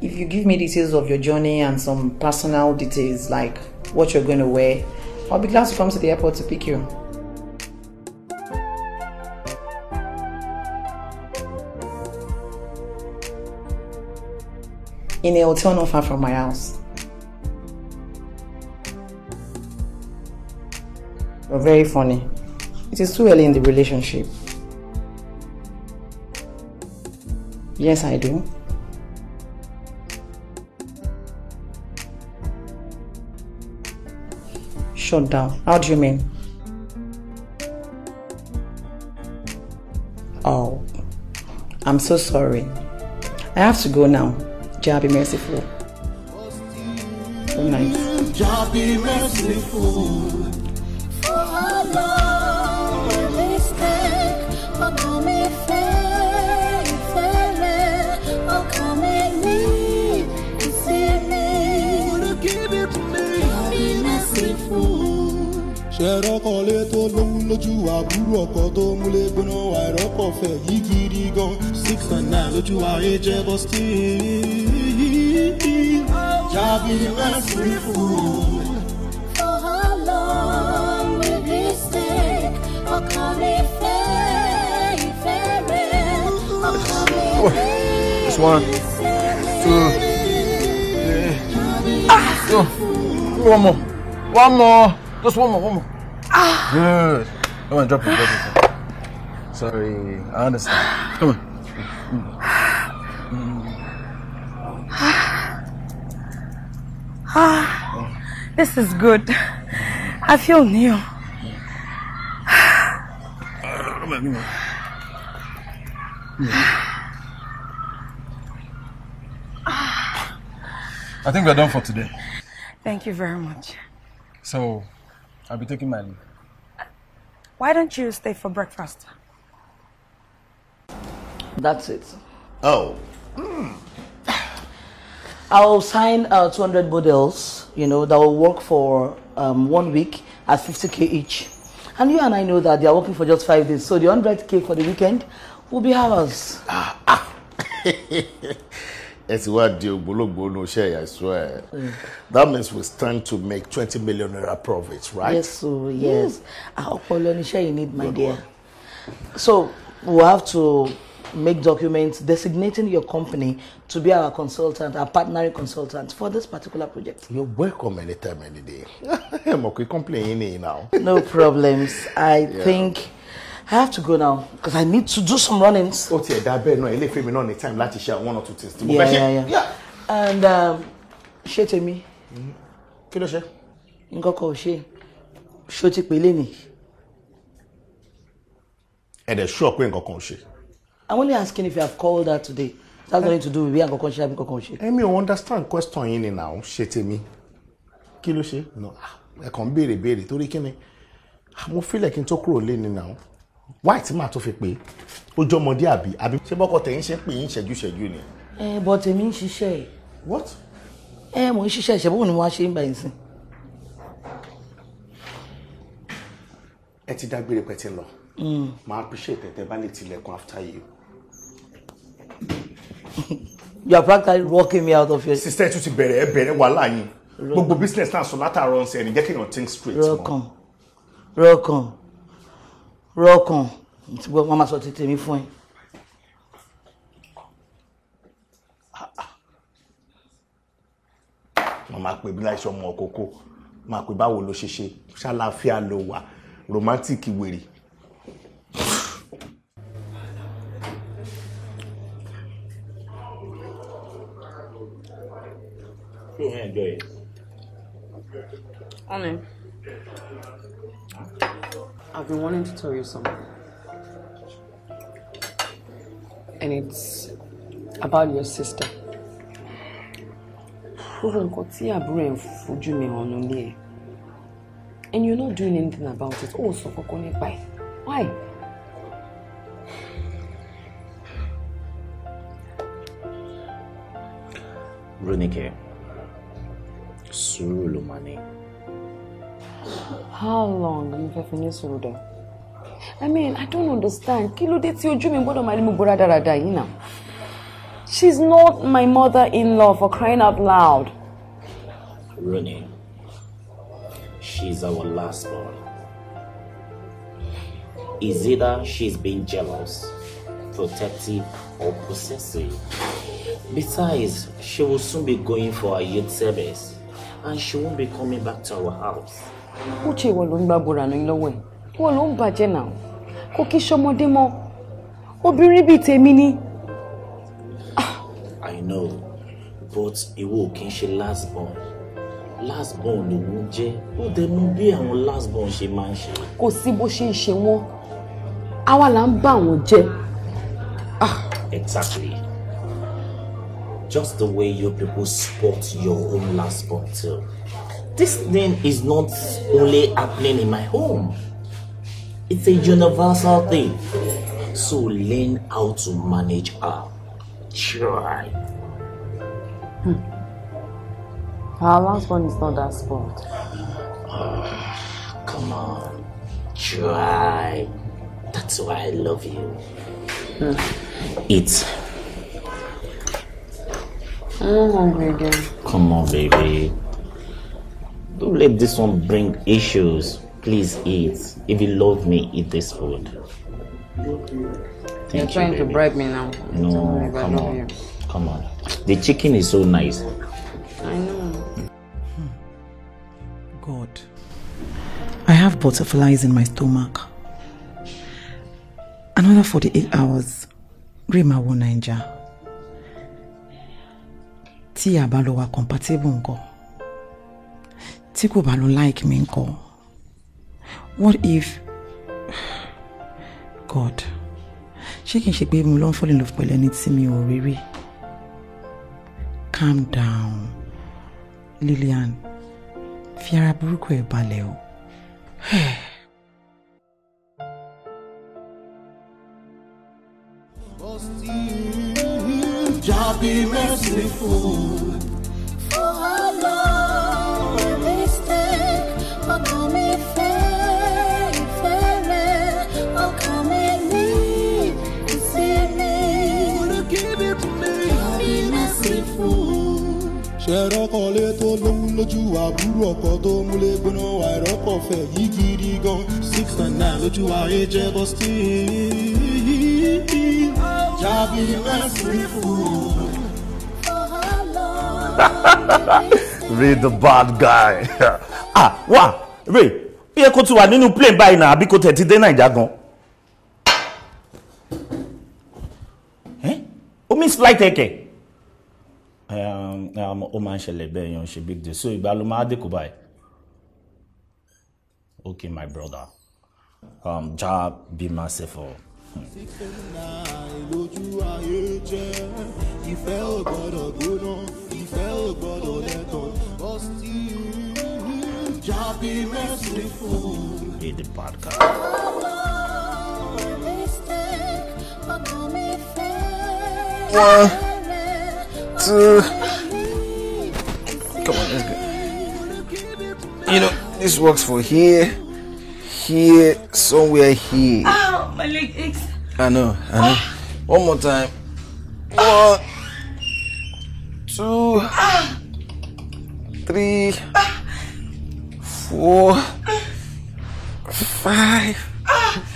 If you give me details of your journey and some personal details like what you're going to wear, I'll be glad to come to the airport to pick you. in a hotel not far from my house. You're very funny. It is too early in the relationship. Yes, I do. shut down. How do you mean? Oh, I'm so sorry. I have to go now. Jah be merciful. Good night. Jah be merciful. ẹ̀rọ́kọ̀ lé tó lówó lójú àbúrò ọkọ̀ tó múlé gbóná àìrọ́kọ̀ fẹ̀ yí gidi gan six and nine lójú ayé jẹ́ bọ́ sí i. jábí mẹ́sì fún un. for how long will this hmm. eh. ah. oh. One more. One more. Just one more. One more. good. Come on, drop it, drop it. Sorry, I understand. Come on. Oh, this is good. I feel new. I think we're done for today. Thank you very much. So, I'll be taking my leave. Why don't you stay for breakfast? That's it. Oh. Mm. I'll sign uh, 200 models, you know, that will work for um, one week at 50k each. And you and I know that they are working for just five days, so the 100k for the weekend will be ours. Ah, ah. ẹ sì wá di ògbólógbòó ní oṣù ẹ̀yà ìṣó ẹ̀ that means we stand to make twenty million naira profit right. yes o yes hmm. ah, ọpọlọ níṣẹ́ you need my dear so we have to make documents designating your company to be our consultant our partner consultant for this particular project. you're welcome anytime any day ẹ mọ̀ pé complain yín nìyí now. no problems i yeah. think. I have to go now because I need to do some runnings. Ó ti ẹ̀dá bẹ́ẹ̀ náà ilé ìfẹ́ mi náà ní time láti share one or two things. Yeah, yeah, yeah. And um, tèmi? Mm-hmm. Kí ló ṣe? Nǹkan kan ò ṣe. Ṣó ti pè lénìí? Ẹ̀dẹ̀ ṣú ọ̀pẹ nǹkan kan I'm only asking if you have called her today. That's nothing to do with me ngoko kan Ngoko àbí nǹkan kan understand question yín ni now ṣé tèmi? Kí ló ṣe? Ah, Ẹ̀kan béèrè béèrè torí kí ni? Ah, mo fílẹ̀ kí n tó kúrò lé ni now wáì tí màá tó fi pé ó jọmọdé àbí àbí ṣé bọ́kọ tẹ̀yìn ṣe ń pè yín ṣẹ́jú ṣẹ́jú ni. ẹ bọ tèmi ń ṣiṣẹ́ ẹ. what. ẹ mò ń ṣiṣẹ́ ìṣẹ́ bóun ni wọ́n á ṣe ń bẹ̀yìn sí. ẹ ti dágbére pẹ́ ti lọ. Mm. máa appreciate tẹ̀tẹ̀ bá lè tilẹ̀kùn after you. you are practically walking me out of your. sister tún ti bẹ̀rẹ̀ ẹ bẹ̀rẹ̀ wàhálà yín gbogbo business náà sọ látàárọ̀ ọ̀sẹ̀ ẹ̀ ní jẹ́ kéèyàn think straight. rọkàn rọkàn rọkàn tí wọ́n máa sọ ti tèmi fún ẹ. wọ́n máa pè bí láìsọ ọmọ òkókó máa pè báwo ló ṣe ṣe ṣàlàáfíà ló wà romantic wèrè. Enjoy it. I've been wanting to tell you something. And it's about your sister. Gbogbo nǹkan tí àbúrò ẹ̀ ń fojú mi hàn nílé ẹ̀. And you're not doing anything about it. Oh, so kọ́kọ́ nípa ẹ̀. Why? Ronike, sùúrù ló máa ní. How long have you finished fi ní I mean, I don't understand. Kilo dé tí ojú mi gbọ́dọ̀ máa ní mo bọ́ra dáradára She's not my mother-in-law for crying out loud. Rooney, she's our last born. Is either she's being jealous, protective, or possessive. Besides, she will soon be going for her youth service and she won't be coming back to our house. ó ṣe ló ń gbá bùrànù lọ́wọ́ ẹ̀ ìwọ ló ń bàjẹ́ náà kò kí ṣọmọdé mọ́ obìnrin bíi tèmi ni. Ah. I know but ìwọ ò kí ń ṣe last born last born lòun jẹ́ ó dẹnu bí àwọn last born ṣe máa ń ṣe. kò sí bó ṣe ń ṣe wọ́n àwa là ń bá wọn jẹ. Ah. exactly just the way your people spot your own last born too. this thing is not only happening in my home, it's a universal thing. So learn how to manage her. Try. Hmm. Our last one is not that sport come on. Try. That's why I love you. It's. Hmm. I'm hungry again. Come on, baby. Don't let this one bring issues. Please eat. If you love me, eat this food. Thank You're trying to bribe me now. No, come on. Come on. The chicken is so nice. I know. Hmm. God. I have butterflies in my stomach. Another 48 hours. Rima wo Niger. Tí a bá lọ compatible tí kò bá lọ like mi ńkọ́ what if god ṣé kí n ṣe pé mo lọ ń fall in love pẹ̀lú ẹni tí mi ò rí calm down Lillian fi ara burúkú ẹ̀ balẹ̀ o. be merciful. lójú àbúrò ọkọ̀ tó múlé gbóná àìrọ́pọ̀ fẹ̀ yí gidi gan six and nine lójú ayé jẹ́ bọ́ sí i. fún. Ray the bad guy. ah wa Ray ó yẹ kó ti wà nínú plane báyìí náà àbí kó tẹ̀ ti dé nàìjà gan. omi flight ẹ̀kẹ́ ó máa ń ṣẹlẹ̀ bẹ́ẹ̀ yẹn ṣe big deal so ìgbà ló máa dé báyìí okay my brother um, ja be máa ṣe fọ. ìlójú ayé jẹ́ ìfẹ́ ò gbóná ìfẹ́ ò gbọ́dọ̀ ọ̀sì ja bí merciful. read the podcast. One, two. Come on, let's go. You know, this works for here, here, somewhere here. Oh, my leg aches. I know, I know. One more time. One, two, three, four, five.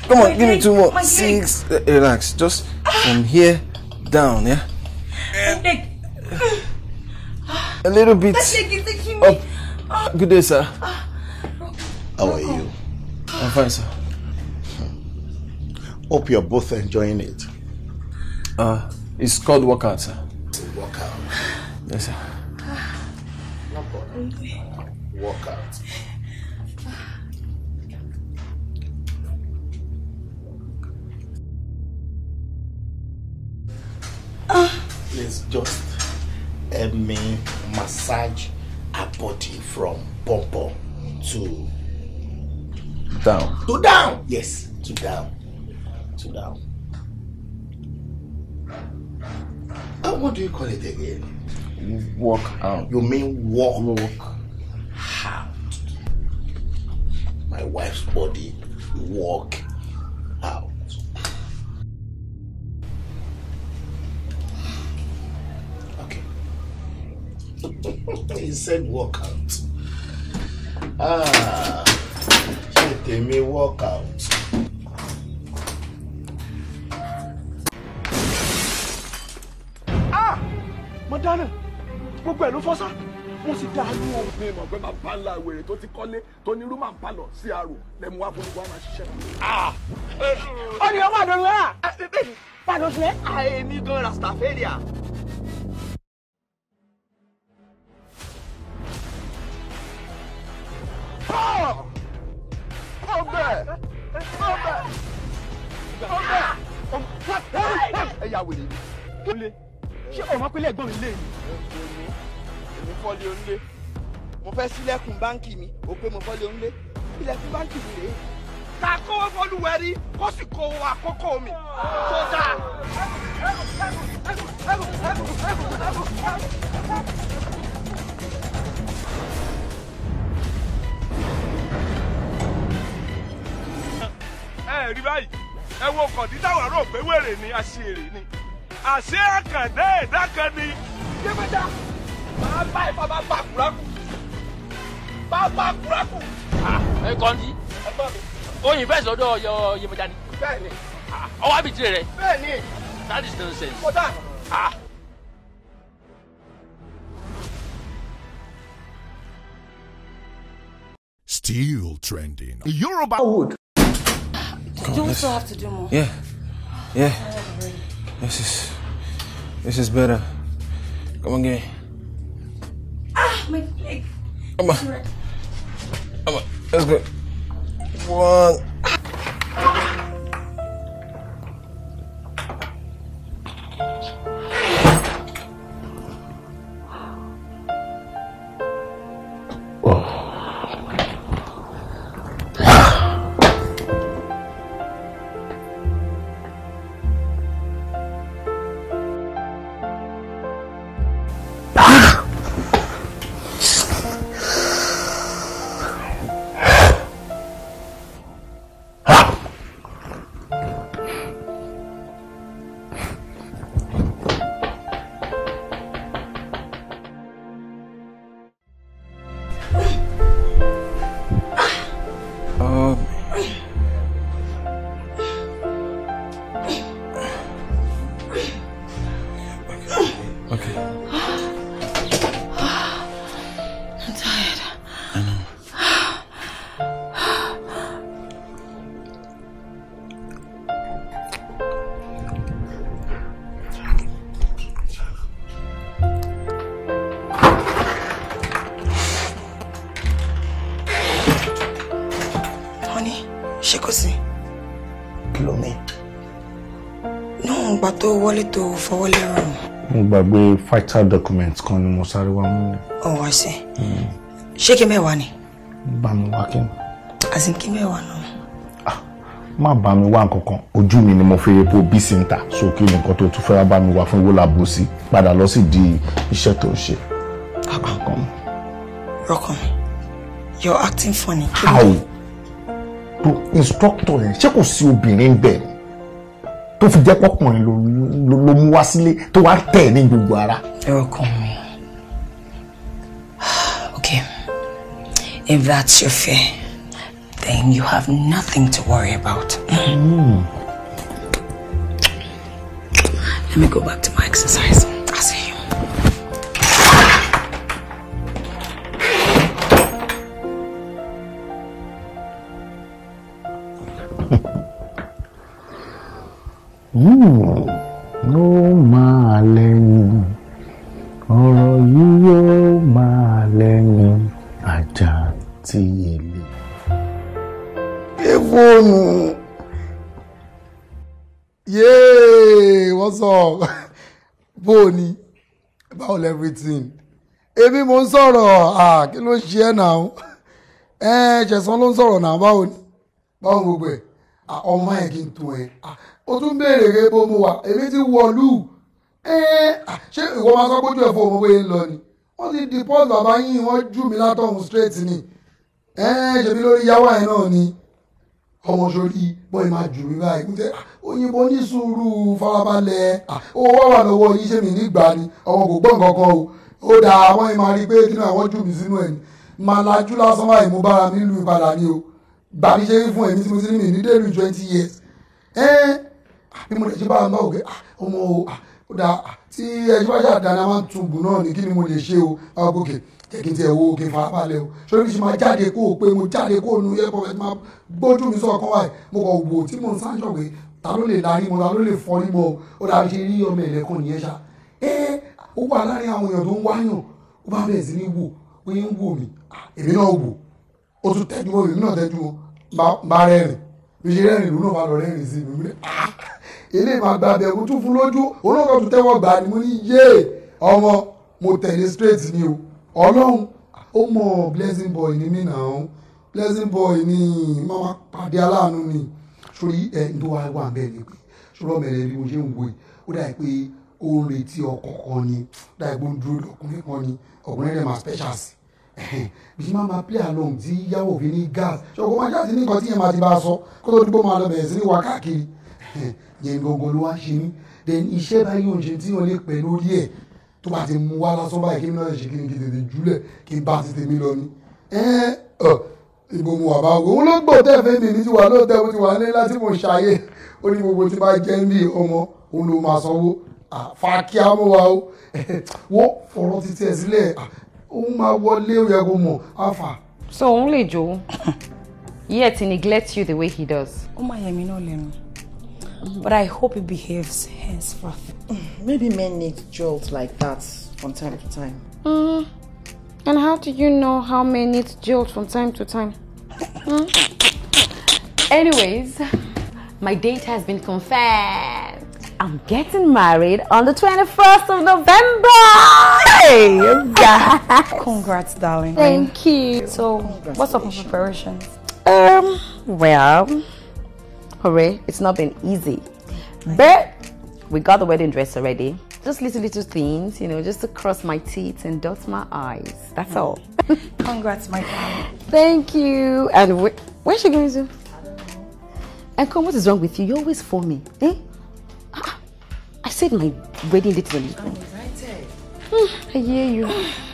Come on, give me two more. Six. Eh, relax. Just from here down, yeah? a little bit. Ah, good day, sir. Ah. How are you? I'm fine, sir. Hope you're both enjoying it. Uh, it's called workout, sir. Workout. Yes, sir. Workout. Ah. Please just help me massage her body from bum to down. To down. Yes, to down. To down. And uh, what do you call it again? Walk out. You mean walk, walk. out. My wife's body walk out. he said walk out ah ṣe me walk out. ah mo dáná gbogbo ẹ̀ ló fọ́ sá mo sì dá lú o. mi mọ̀ pé bàbá ńlá wèrè tó ti kọ́lé tó ní rúmà ń palọ̀ sí àrò lẹ́mu wá fún wa máa ṣiṣẹ́. ọ̀nìyàn wà lórí wa. pàdé sílẹ̀. àìní ah, gan rastafarian. bẹ́ẹ̀ ó bẹ́ẹ̀ ó bẹ́ẹ̀ ẹ yà wèrè mi. kúnlé ṣé ọmọ akúnlé ẹ̀gbọ́n mi lé mi. èmi fọ́lé onílé mo fẹ́ sílẹ̀kùn báńkì mi ò pé mo fọ́lé onílé ilẹ̀kùn báńkì mi rèé ká kówó fọlùwẹ̀rí kó sì kó àkókò mi tó dáa. ẹ eh, rí ẹ wo kọ̀dí táwọn àrò pé wèrè ni àṣìírí ni àṣé àkàndé ẹ̀dá kan ni. yébẹ́dá màá bá ìfọ̀ bá bá kúrákù bá bá kúrákù. Ah, ẹ kàn jí oyin fẹ́ sọ́dọ̀ ọyọ yébẹ́dá ni. bẹ́ẹ̀ni. Ah, ọwọ́ àbítí rẹ. bẹ́ẹ̀ni. that is nonsense. kódà. Ah. Still trending. Yoruba wood. Come you on, still have to do more. Yeah. Yeah. This is this is better. Come on, gang. Ah, my leg. Come on. Come on. Let's go. One. fọwọ́lé tó fọwọ́lé rọrùn. mo gbàgbé vital documents kan ni mo sáré wá mú. ọwọ oh, ẹsẹ hmm. ṣé kí mẹ́wàá ni. bá mi wá kí ni. àti kí mẹ́wàá náà. Ah, má bá mi wá nǹkan kan ojú mi ni mo fi epo bí síta sókè nǹkan tó tún fẹ́ẹ́ bá mi wá fún wọ́lá bó sí padà lọ sí di iṣẹ́ tó ń ṣe. rọkàn mi you're acting funny. how to instructor yẹn ṣé kò sí obìnrin bẹ́ẹ̀ ni tó fi jẹ́ pọ́kùnrin ló mú wá sílé tó wá tẹ̀ ní gbogbo ara. ẹ̀rọ kan mi okay if that's your fear then you have nothing to worry about. Mm. Let me go back to my exercise. ó máa lẹ́yìn ọ̀rọ̀ yìí yóò máa lẹ́yìn ajá tí èlé. Ewonu yéé what's up bóòni about everything èmi mo ń sọ̀rọ̀ kí ló ń ṣe ẹ́ náà ẹ̀ ṣẹ̀sán ló ń sọ̀rọ̀ náà báwo ni báwo gbogbo ẹ̀ ọmọ ẹ̀ kí n ẹ̀ ó tún béèrè rẹ bó mu wà èmi ti wọ̀lú ṣé ìwọ máa sọ pójú ẹ̀fọ́ òun wéé lọ ni wọ́n ti di pọ́ọ̀lù bàbá yín wọ́n jù mí látọ̀hún straight ni ṣèbí lórí yáwá ẹ̀ náà ni ọmọ sórí bọ́ọ̀ máa jù mí báyìí kúndé òyìnbó ní sùúrù farabalẹ̀ owó wà wà lọ́wọ́ yín ṣé mi nígbà ni ọmọ kò gbọ́ nǹkan o ó dà àwọn ìmọ̀ àrí pé kí ni àwọn jù mí sínú ẹ̀ ni màá lajú lásán báyìí mo bára mi lù ìpadà ni o gbà mí ṣe fún ẹ̀mí tí mo ti ní mi ní délù twenty years ni mo lè ṣe bá wọn bá òkè ah, ọmọ o ah, da, ah, tí ẹjọ́ bá ṣàdáná máa ń túbù náà ní kí ni mo lè ṣe o báwo gòkè jẹ́ kí n tiẹ̀ wo kí n fara balẹ̀ o ṣé oríṣi máa jáde kó o pé mo jáde kó o nu airport ẹ̀ máa gbójú mi sọ̀kan wáyé mo kọ̀ wò tí mo ń sáńjọ̀ pé ta ló lè darí mo ta ló lè fọ́ ní mo ó dàbí ṣe rí ọmọ ẹ̀lẹ́kùn nìyẹn ṣá ẹ ó wà láàrin àwọn èèyàn tó ń wáyàn ó bá bẹ̀rẹ̀ sí ní wò ó yẹn ń wò mí èmi náà wò ó tún tẹ́jú mọ́ èmi náà tẹ́jú mọ́ bá rẹ́rìn bí ṣe rẹ́rìn lónà bá lọ rẹ́rìn sí mi eléyìí máa gba abẹ́wò tún fún lójú olóńgbò tún tẹ́wọ́ gbà ni mo ní yé ọmọ mo tẹ̀lé straight ni o ọlọ́run ó mọ̀ blessing boy ni mí nà án blessing boy ni mama pàdé aláàánú ni sórí ẹ̀ ń tó wá wà bẹ́ẹ̀ ni pé sọ́rọ́ mẹ́rẹ̀ bí mo ṣe ń wo yìí ó dà pé ó ń retí ọkọ̀ kan ni ó dà pé ó ń dúró lọ́kùnrin kan ni ọkùnrin rẹ̀ máa special sí bí ṣe máa play along tí yàwó fi ní gas ṣọkọ máa jáde ní nǹkan tí yẹn máa ti bá a sọ kó tó dúpọ̀ máa lọ bẹ̀rẹ̀ sí ní wákàkiri yẹn gangan ló wá ṣe mí then iṣẹ́ báyìí òun ṣe tí wọ́n lè pẹ́ lórí ẹ̀ tó bá ti mú wá lásán báyìí kí n náà ṣe kí n tètè júlẹ̀ kí bá ti tèmi lọ ni ìgbòmù àbá ogun òun ló gbò tẹ́fẹ́ mi ní ti wà lóòótọ́ ó ní láti mò ń ó ní gbogbo tí bá jẹ́ ń bí ọmọ òun ló máa sanwó fàákíá mọ́ wa ó wọ́n fọ̀rọ̀ títí ẹ̀ sílẹ̀ òun máa wọlé òyà kó mọ̀ àfà. so òun lè jó yet he neglects you the way he does. ó máa yẹ mí náà lẹ́nu. But I hope he behaves henceforth. Mm, maybe men need jolts like that from time to time. Mm. And how do you know how men need jolts from time to time? Mm? Anyways, my date has been confirmed. I'm getting married on the 21st of November. Hey, guys, Congrats, darling. Thank you. So, what's up with preparations? Um, well, career, it's not been easy. But we got the wedding dress already. Just little, little things, you know, just to cross my teeth and dot my eyes. That's mm. all. Congrats, my friend. Thank you. And wh where's she going to? And come, what is wrong with you? You're always for me. Eh? Ah, I said my wedding date is on the hmm, I hear you.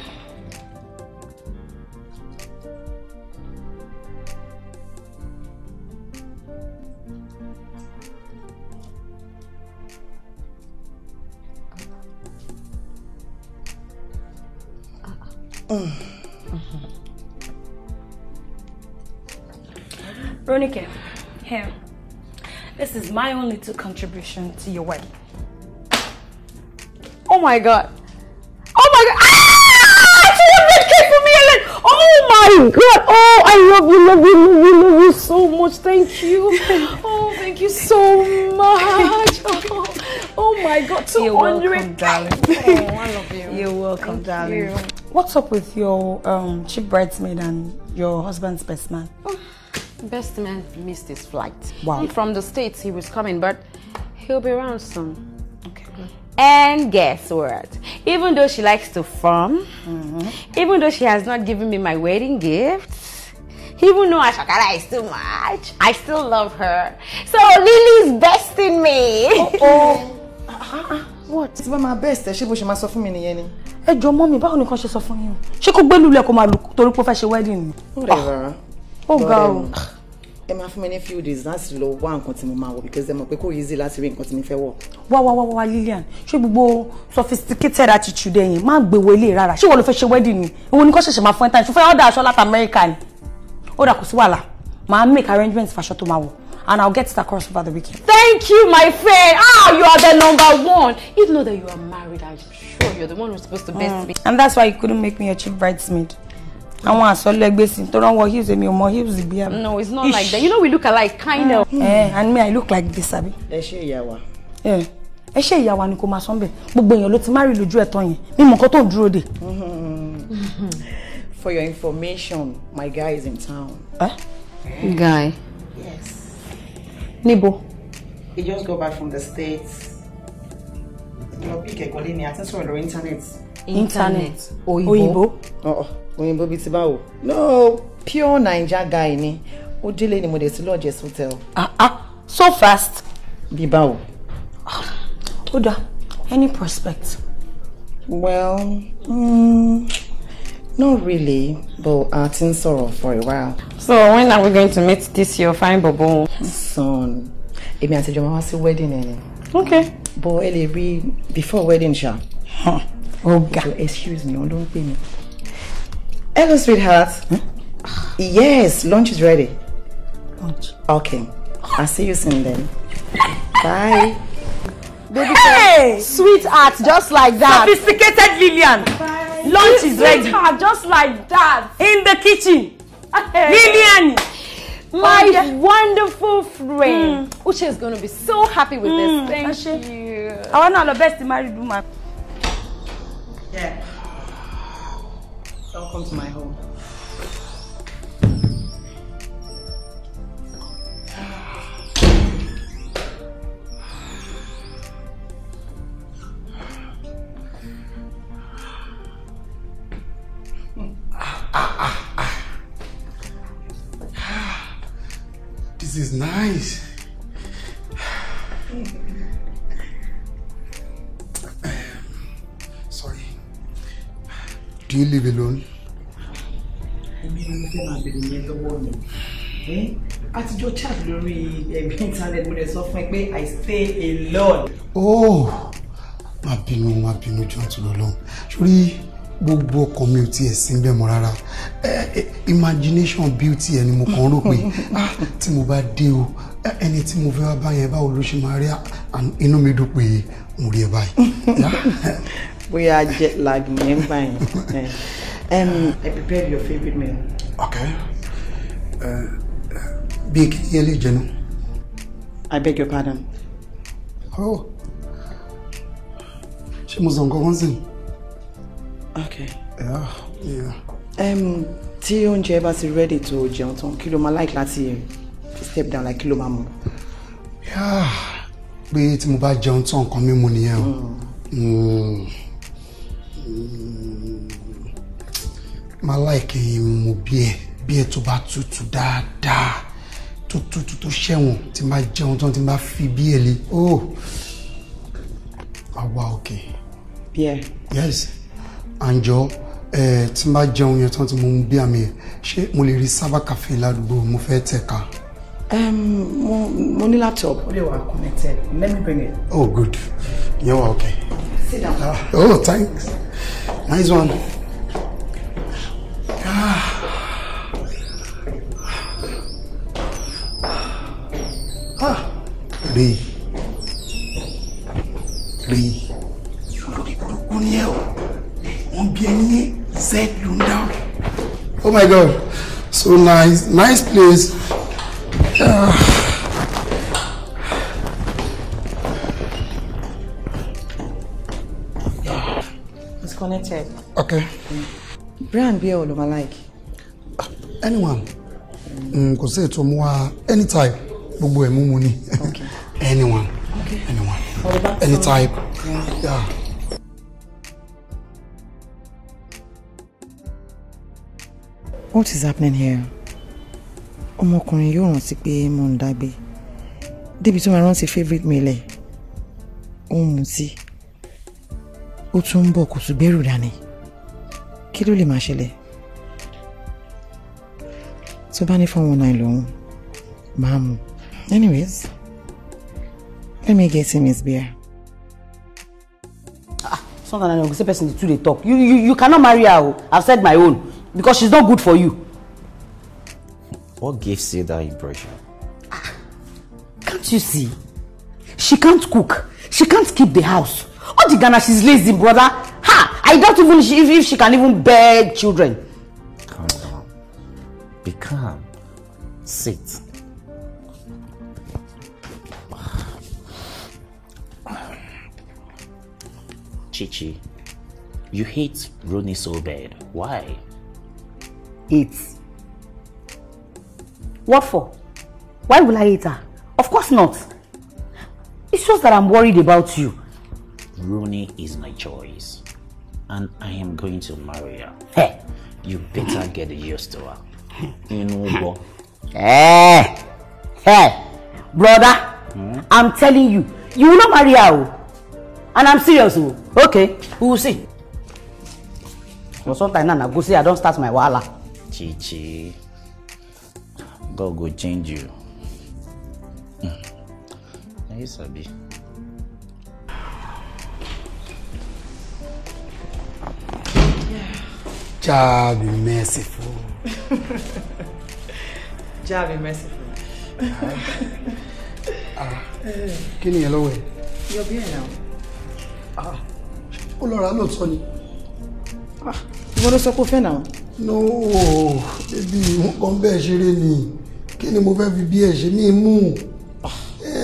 Mm-hmm. Ronike, here. This is my only two contribution to your wedding. Oh my god. Oh my god. Ah! Oh my God. Oh, I love you, love you, love you, love you so much. Thank you. Oh, thank you so much. Oh, oh my God. 200. You're welcome, darling. Oh, I love you. You're welcome, thank darling. You. What's up with your um, cheap bridesmaid and your husband's best man? Oh, best man missed his flight. Wow. From the States, he was coming, but he'll be around soon. And guess what? Even though she likes to farm, mm-hmm. even though she has not given me my wedding gifts, even though Ashakara is too much, I still love her. So Lily's besting me. Oh, Uh-huh. What? Ti ba ma best She ṣé bó ṣe máa sọ fún mi nìyẹn ni. Ẹ jọ mọ́ she báwo nìkan ṣe sọ fún yín? Ṣé kó gbé lulẹ̀ kó wedding Whatever. Oh, ga ẹ máa fún mi ní few days láti lọ wá nǹkan tí mo máa wọ because ẹ mọ̀ pé kò easy láti rí nǹkan tí mi fẹ́ wọ̀. wá wá wá wá Lillian ṣé gbogbo sophisticated attitude ẹ̀yìn má gbèwò ilé rárá ṣé ìwọ ló fẹ́ ṣe wedding ni òun ni kò ṣẹ̀ṣẹ̀ máa fún ẹ tán ṣùgbọ́n ọ̀dà aṣọ láti America ni ó dà kò sí wàhálà màá make arrangements fàṣọ tó máa wọ̀ and I'll get it across over the weekend. Thank you, my friend. Ah, you are the number one. Even though that you are married, I'm sure you're the one who's supposed to best mm. me. And that's why you couldn't make me a cheap bridesmaid àwọn àsọlẹ̀ gbèsè tó rán wọ heels èmi ò mọ heels bí i. no it's not Ish. like that you know we look alike kind mm. of. ẹ eh, and me i look like this abi. ẹ ṣe ìyá wa. Eh, ẹ ẹ ṣe ìyá wa ni kò máa sọ bẹ́ẹ̀ gbogbo èèyàn ló ti má rí lójú ẹ̀ yẹn mímọ nǹkan tó ń dúró dè. for your information my guy is in town. Eh? guy. yes. níbo. he just got back from the states. lọ bí kẹ̀kọ́ lé ní àtẹ́sọ̀rọ̀ internet. internet òyìnbó. Oh òyìnbó bíi ti báwo no pure naija guy ni ó délé ni mo dé sí lodges hotel. ah ah so fast. bí báwo. ó dáa any prospect. well mm, not really but I ti ń sọ̀rọ̀ for a while. so when are we going to meet this your fine bobo. Soon. èmi àtijọ́ máa wá sí wedding ẹ̀ okay. but ẹ lè rí before wedding ṣá. ó ga. so excuse me òun ló ń pè Hello, sweetheart. Huh? Hmm? Yes, lunch is ready. Lunch. Okay. I'll see you soon then. Bye. Baby hey! Sweetheart, just like that. Sophisticated Lillian. Bye. Lunch is ready. Sweetheart, just like that. In the kitchen. Lillian. My oh, wonderful friend. Mm. Uche is going to be so happy with mm. this. Hmm. Thank you. I want all the best married woman. Yeah. Welcome to my home. This is nice. Sorry. Do you live alone? èmi mo fẹ́ máa bèrè yẹn lọ́wọ́ mi àtijọ́ chat lórí ẹ̀mí internet mo lè sọ fún ẹ pé i stay alone. oh má bínú má bínú john tó lọ lọ́hùn sórí gbogbo ọkàn mi ò tiẹ̀ sí bẹ́ẹ̀ mọ́ rárá imagination beauty ẹ ni mo kàn rò pé ah tí mo bá dé o ẹni tí mo fẹ́ wá bá yẹn báwo ló ṣe máa rí ah, inú mi dùn pé mo rí ẹ báyìí. bóyá jet lag yẹn Um, I prepared your favorite meal. Okay. Uh, big yearly general. I beg your pardon. Oh. She must go once in. Okay. Yeah, yeah. Um, tí oúnjẹ bá ti ready to jẹun tán, kí ló máa like láti step down like kí ló Yeah. Pé tí mo bá jẹun tán nǹkan Mm. Mm máa láìkẹ́ irun mu bí ẹ bí ẹ tó bá tutù dáadáa tó tutù tó ṣẹ̀wọ̀n tí n bá jẹun tán tí n bá fi bí ẹ lé ó oh, máa òkè. bí ẹ. yes àǹjọ ẹ eh, tí n bá jẹun yẹn tán tí mo ń bí àmì ẹ ṣé mo lè rí sábà kàfé ládùúgbò mo fẹ́ tẹ̀ka. Um, mo, ní laptop. Ó lè wà connected. Let me bring it. Oh, good. You're okay. Sit down. Ah, oh, thanks. Nice one. Rí rí lórí Oh my God, so nice, nice place. Uh. connected. Okay. Mm brand bí ọ̀ ló like. Ah, anyone mm, kò sí ètò mu wa type. gbogbo ẹ̀ mú mu ni anyone anyone anytime. Yeah. What is happening here? ọmọkùnrin yóò rántí pé mo ń dágbé débi tó máa rántí favourite meal ẹ̀ ó ń mutí ó tún ń bọ̀ kò tún gbẹ́rù dání kí ló lè máa ṣẹlẹ̀ tó bá ní four one nine lòun máa mú anyways let me get him his beer. ah sometimes i no go say person dey too dey talk you you you cannot marry her o oh. i said my own because she's not good for you. what gives you that impression. ah can't you see she can't cook she can't keep the house all the ghana she's lazy brother I doubt even she, if, if she can even bear children. Calm down. Be calm. Sit. Chichi, you hate Ronnie so bad. Why? Hate. What for? Why will I hate her? Of course not. It's just that I'm worried about you. Rooney is my choice. and I am going to marry her. Hey, you better get used to her. You know what? Hey, eh. hey, brother, hmm? I'm telling you, you will not marry her oh. and I'm serious oh. Okay, we will see. But sometimes now go see. I don't start my wahala. Chichi, God go change you. Mm. Na you sabi. Jah be merciful. Jah be merciful. Ah, kí ni ẹ lọ́wọ́ ẹ? Your beer now. Ah, ó lọ ra lóòótọ́ ni. Ah, ìwọ ló sọ pé ó fẹ́ náà. No, ebi ìwọ̀n kan bẹ́ẹ̀ ṣeré ni. Kí ni mo fẹ́ fi bí ẹ ṣe ní imú?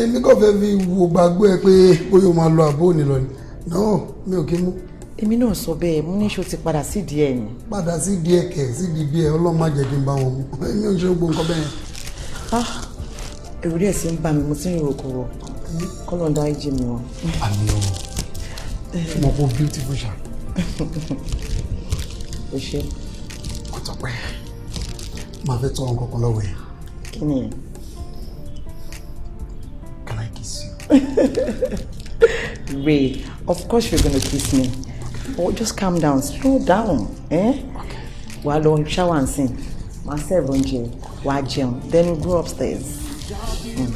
Èmi eh, kàn fẹ́ fi wo gbàgbọ́ ẹ pé bóyá o máa lọ àbó òní lọ ni. No, mi ò kí mú èmi náà sọ bẹ́ẹ̀ mú níṣó ti padà sídìí ẹ̀ ni. padà sídìí ẹ̀ kẹ̀ sídìí bí ẹ̀ ọlọ́mọ àjẹjì ń bá wọn mú èmi ò ń ṣe gbogbo nǹkan bẹ́ẹ̀. èrò ah, díẹ̀ sí ń bà mí mo ti ń rò kúrò kọ́lọ̀ ń dárí jì mí wọn. àmì ọ̀rọ̀ eh. mo kò beautiful ṣá. o ṣe. ọ̀tọ̀pẹ́ máa fẹ́ tọ́ ọ̀n kankan lọ́wọ́ ẹ̀. kí ni ẹ̀. Can I kiss you? Ray, of course you're gonna kiss me oh just calm down slow down eh? okay. wà á lọ shower and sing. wà á serve oúnjẹ wà then you go upstairs mm.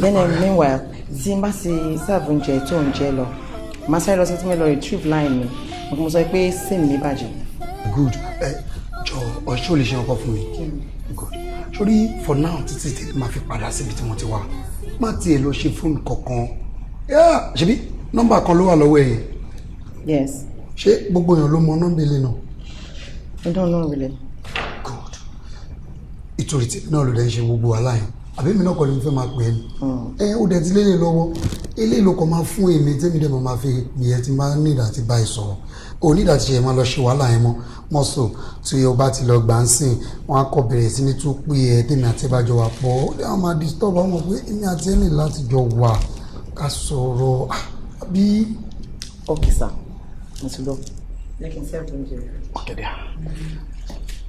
then uh, meanwhile tí n bá ti serve oúnjẹ tó ń jẹ lọ màá sáré lọ retrieve line mi mo kò mọ sọ pé sim mi good ẹ eh, jọ ọṣẹ ò lè ṣe ọkọ fún good Surely for now títí tí màá fi padà síbi tí wọ́n ti wá má tiẹ̀ lọ ṣe fóònù Yeah, ṣebí nọ́mbà kan ló wà lọ́wọ́ ẹ̀. yes ṣé gbogbo èèyàn ló mọ nọ́mbà ilé náà. I don't know really. Good. ìtòrí tí náà ló dẹ́ ń ṣe gbogbo aláyàn àbí mi náà kọ́ ni mo fẹ́ máa pè é ni. Hmm. ẹ ó dẹ̀ ti lélẹ̀ lọ́wọ́ ilé ìlú kan máa fún èmi tẹ́mi dẹ̀ mo máa fi ìyẹn ti máa ní ìdá ti bá ẹ sọ̀rọ̀ òní ìdá ti ṣe máa lọ ṣe wàhálà yẹn mọ́ mọ́sọ̀ tí o bá ti lọ gbà ń sìn wọn á kọ́ bẹ̀rẹ̀ sí ní tún pé ẹ tẹ́mi àti ìbájọ wà pọ̀ ó dẹ̀ wọ́n máa disturb àwọn pé èmi àti ẹni láti jọ wà ká sọ̀rọ̀ ah, àbí. okay sir Consider. They can serve Okay, there.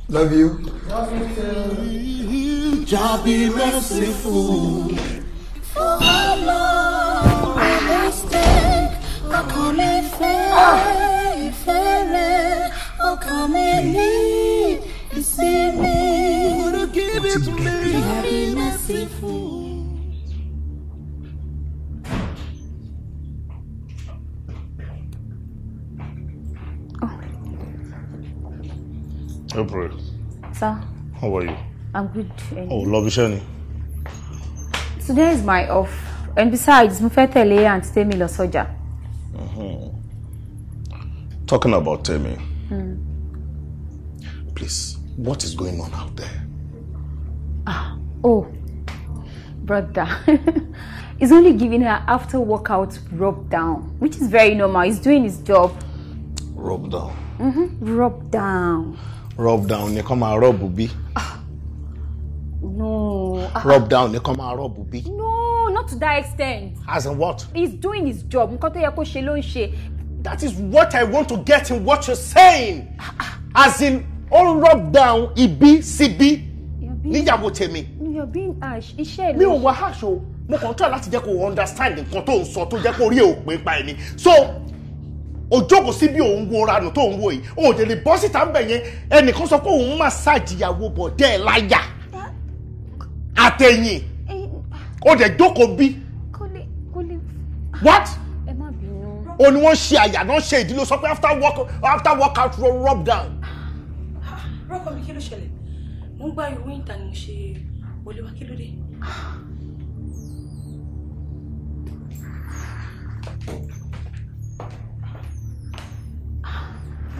Love you. Love you too. be merciful. For I I call fair, fair. you see me. give it to me? be merciful. April. Sir. How are you? I'm good. Oh, love Shani. Today is my off. And besides, mo and Temi lọ sọ́jà. Mm-hmm. Talking about Temi. Hmm. Please, what is going on out there? Ah, oh, brother. He's only giving her after workout rub down, which is very normal. He's doing his job. Rub down. Mm-hmm. Rub down. rub down ni kàn máa rub bí. no. rub down ni kàn máa rub bí. no not to that extent. as in what. he's doing his job nǹkan tó yẹ kó ṣe ló ń ṣe. that is what I want to get in what you're saying as in ó rub down ibi síbi níyàwó tèmi. you're being harsh iṣẹ́ ìlú. mi ò wá harsh o mo kàn tọ́ láti jẹ́ kó understand nǹkan tó ń sọ tó jẹ́ kó rí òpin pa ẹ̀ so òjókòó sí bí òun wo ranù tó ń wo yìí òun ò dé lè bọ́ síta ń bẹ̀ yẹn ẹnìkan sọ pé òun massage ìyàwó bọ̀ dẹ́ ẹ láyà àtẹ̀yìn ó dẹ̀ jókòó bí. what? o ni wọ́n ṣe àyà náà ṣe ìdílé sọ pé after work after work out rub down. rọ́kọ̀ mi kí ló ṣẹlẹ̀ mo ń gbá ìwé ìta ni mo ṣe wọlé wá kí ló dé.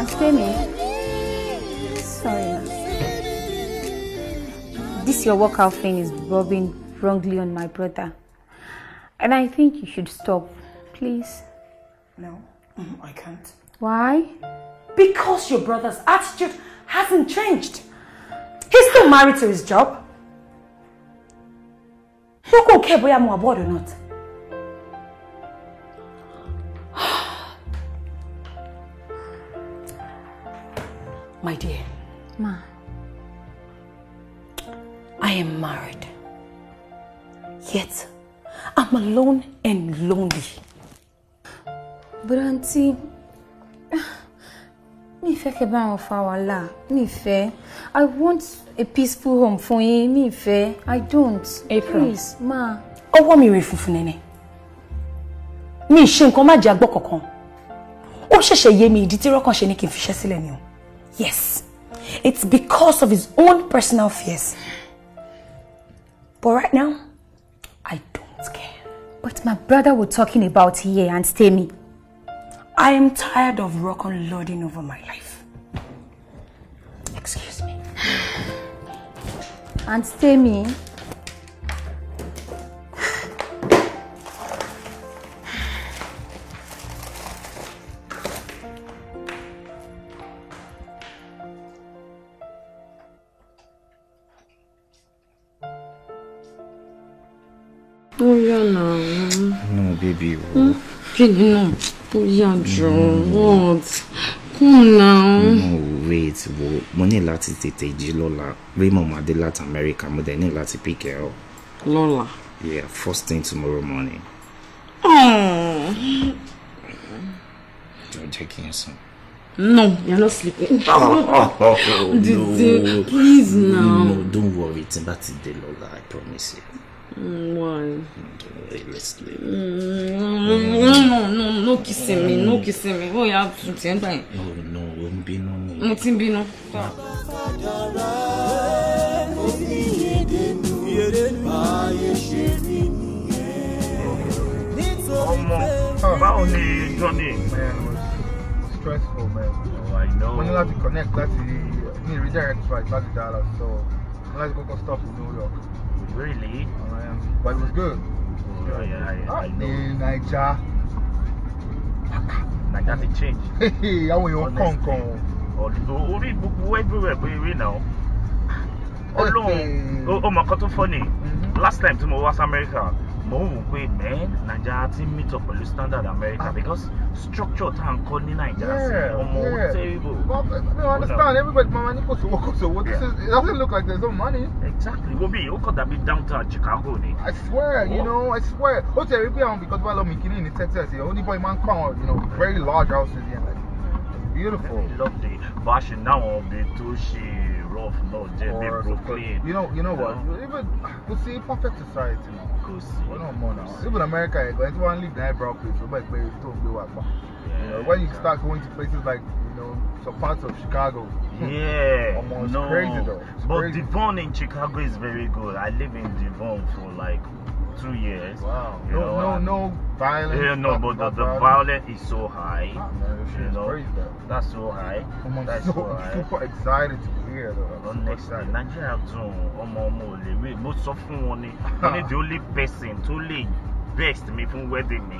আজকে আমি sorry this your workout thing is rubbing wrongly on my brother and i think you should stop please no mm-hmm. i can't why because your brother's attitude hasn't changed he's still married to his job look okay boy i'm aboard or not My dear. Ma. I am married. Yet, I'm alone and lonely. But auntie, mi fẹ́ kẹ́ bá wọn fa wàhálà mi fẹ́ I want a peaceful home for you. Me fe. I don't. April please ma. ọwọ́ mi rè funfun nẹ́nẹ́ nene. Me nǹkan má jẹ́ agbọ́ kankan ó ṣẹ̀ṣẹ̀ yé mi ìdí tí rọ́kàn ṣe ni kì í fiṣẹ́ ni o. Yes, it's because of his own personal fears. But right now, I don't care. But my brother we're talking about here and stay me. I am tired of rock and lording over my life. Excuse me. And stay me. baby o. Kíni hm? náà ó yà jọ what? Come now. No wait wo mo ní láti tètè jí lọ́la pé mo máa dé láti America mo dẹ̀ ní láti pick ẹ up. Lọ́la. Yeah, first thing tomorrow morning. Oh. Don't take n sùn. No, you're not sleeping. oh, oh, oh, oh no. Please now. No, don't worry. It's about today, Lola. I promise you. Why? Honestly. No, no, no, no kissing me, no kissing me. Oh, yeah, I'm ti ń No, yẹn. Oh, no, ó ń bínú ni. Mo ti ń bínú. Stressful, man. Oh, I know. Mo ní to connect láti ní redirect flight láti Dallas, so let's go láti kọ́kọ́ stop ní New York. Really? Uh, but it was good. Oh, yeah, yeah, ah, I know. In Naija. Naija ti change. Àwọn èèyàn kàn kàn. Ọ̀dùn orí gbogbo everywhere pé rí náà. Ọlọ́run ọmọ kan tó fọ́ ni mm-hmm. last time to my wá America. mo ń wò pé men eh, Nigeria ti meet up pẹ̀lú standard America ah. because structure tá à ń kọ́ ní Nigeria sí ọmọ owó terrible. but I understand everybody mama ní kò sówó kò sówó this is it doesn't look like there is no money. exactly wo could ó kàn down to Chicago ni. I swear oh. you know I swear ó ti rí pé àwọn because wà lọ́mọ ìkíní ní Texas yẹn ó ní bọ́ ìmọ̀ ń you know very large houses yẹn like beautiful. lovely love the fashion now ọbẹ̀ tó ṣe rough náà jẹ́ bí Brooklyn. you know you know what even kò see perfect society now tó even America everyone eh, gan ẹni tí wọn leave the eyebrow place ó bẹ pé tó ń gbé wà when you start going to places like you know some parts of Chicago. Yeah, almost no. crazy though. It's but crazy. Devon in Chicago is very good. I live in Devon for like two years. Wow. No, know, no, no violence. Yeah, no, but the, the violence. is so high. Nah, man, you know, crazy, that's so high. I'm that's so, so high. super excited to hear though. next time, Nigeria tún ọmọ my ò lè rí. Mo sọ fún wọn ni, wọ́n ní the only person tó lè best me fún wedding mi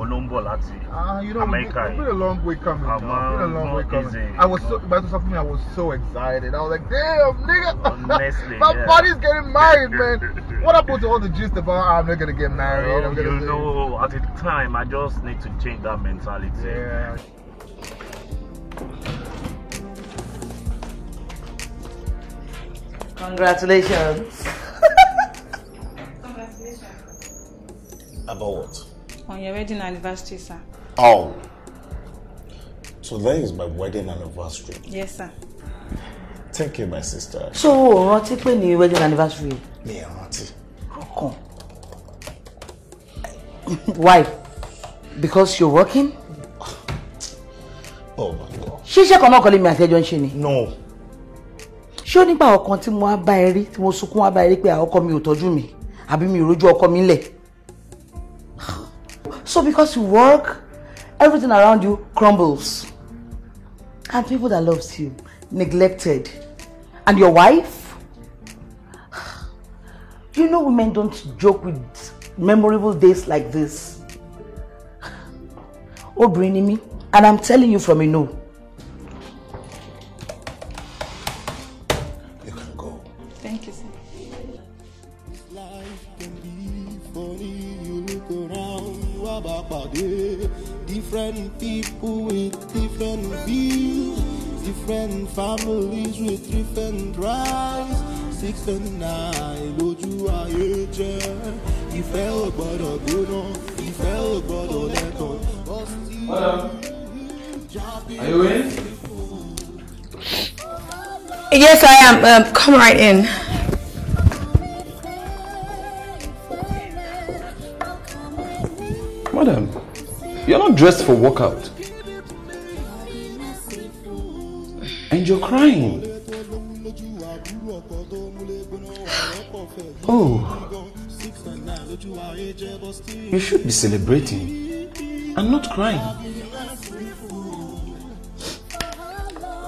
òun ló Ah, you know, America yìí. it's been eh. a long way coming now. it's been a long way coming. Easy. I was so ìgbà tó sọ fún I was so excited I was like damn nigga Honestly, my yeah. body's getting married man what happened to all the gist about ah, I'm not gonna get married. Um, you know at the time I just need to change that mentality. Yeah. Congratulations. About what? On your wedding anniversary, sir. Oh. So Today is my wedding anniversary. Yes, sir. Thank you, my sister. So, o rántí pé ní wedding anniversary? Mi ò rántí. Kọ̀ọ̀kan. Why? Because you're working? Oh my God. Ṣíṣe kan náà kọ́ lé mi àti ẹjọ́ ń ṣe ni. No. Ṣé o nígbà ọkàn tí mo wá bá ẹ rí tí mo sunkún wá bá ẹ rí pé ọkọ mi ò tọ́jú mi àbí mi ò rójú ọkọ mi lẹ̀? So because you work, everything around you crumbles. And people that loves you neglected. And your wife? You know women don't joke with memorable days like this. Oh, bringing me. And I'm telling you from a no. people with different views, different families with different rights. Six and nine, lójú ayé jẹ́, ìfẹ́ ò gbọ́dọ̀ gbóná, about ò gbọ́dọ̀ lẹ́tàn. Are you in? Yes, I am. Um, come right in. Madam. You're not dressed for workout. And you're crying. Oh. You should be celebrating and not crying.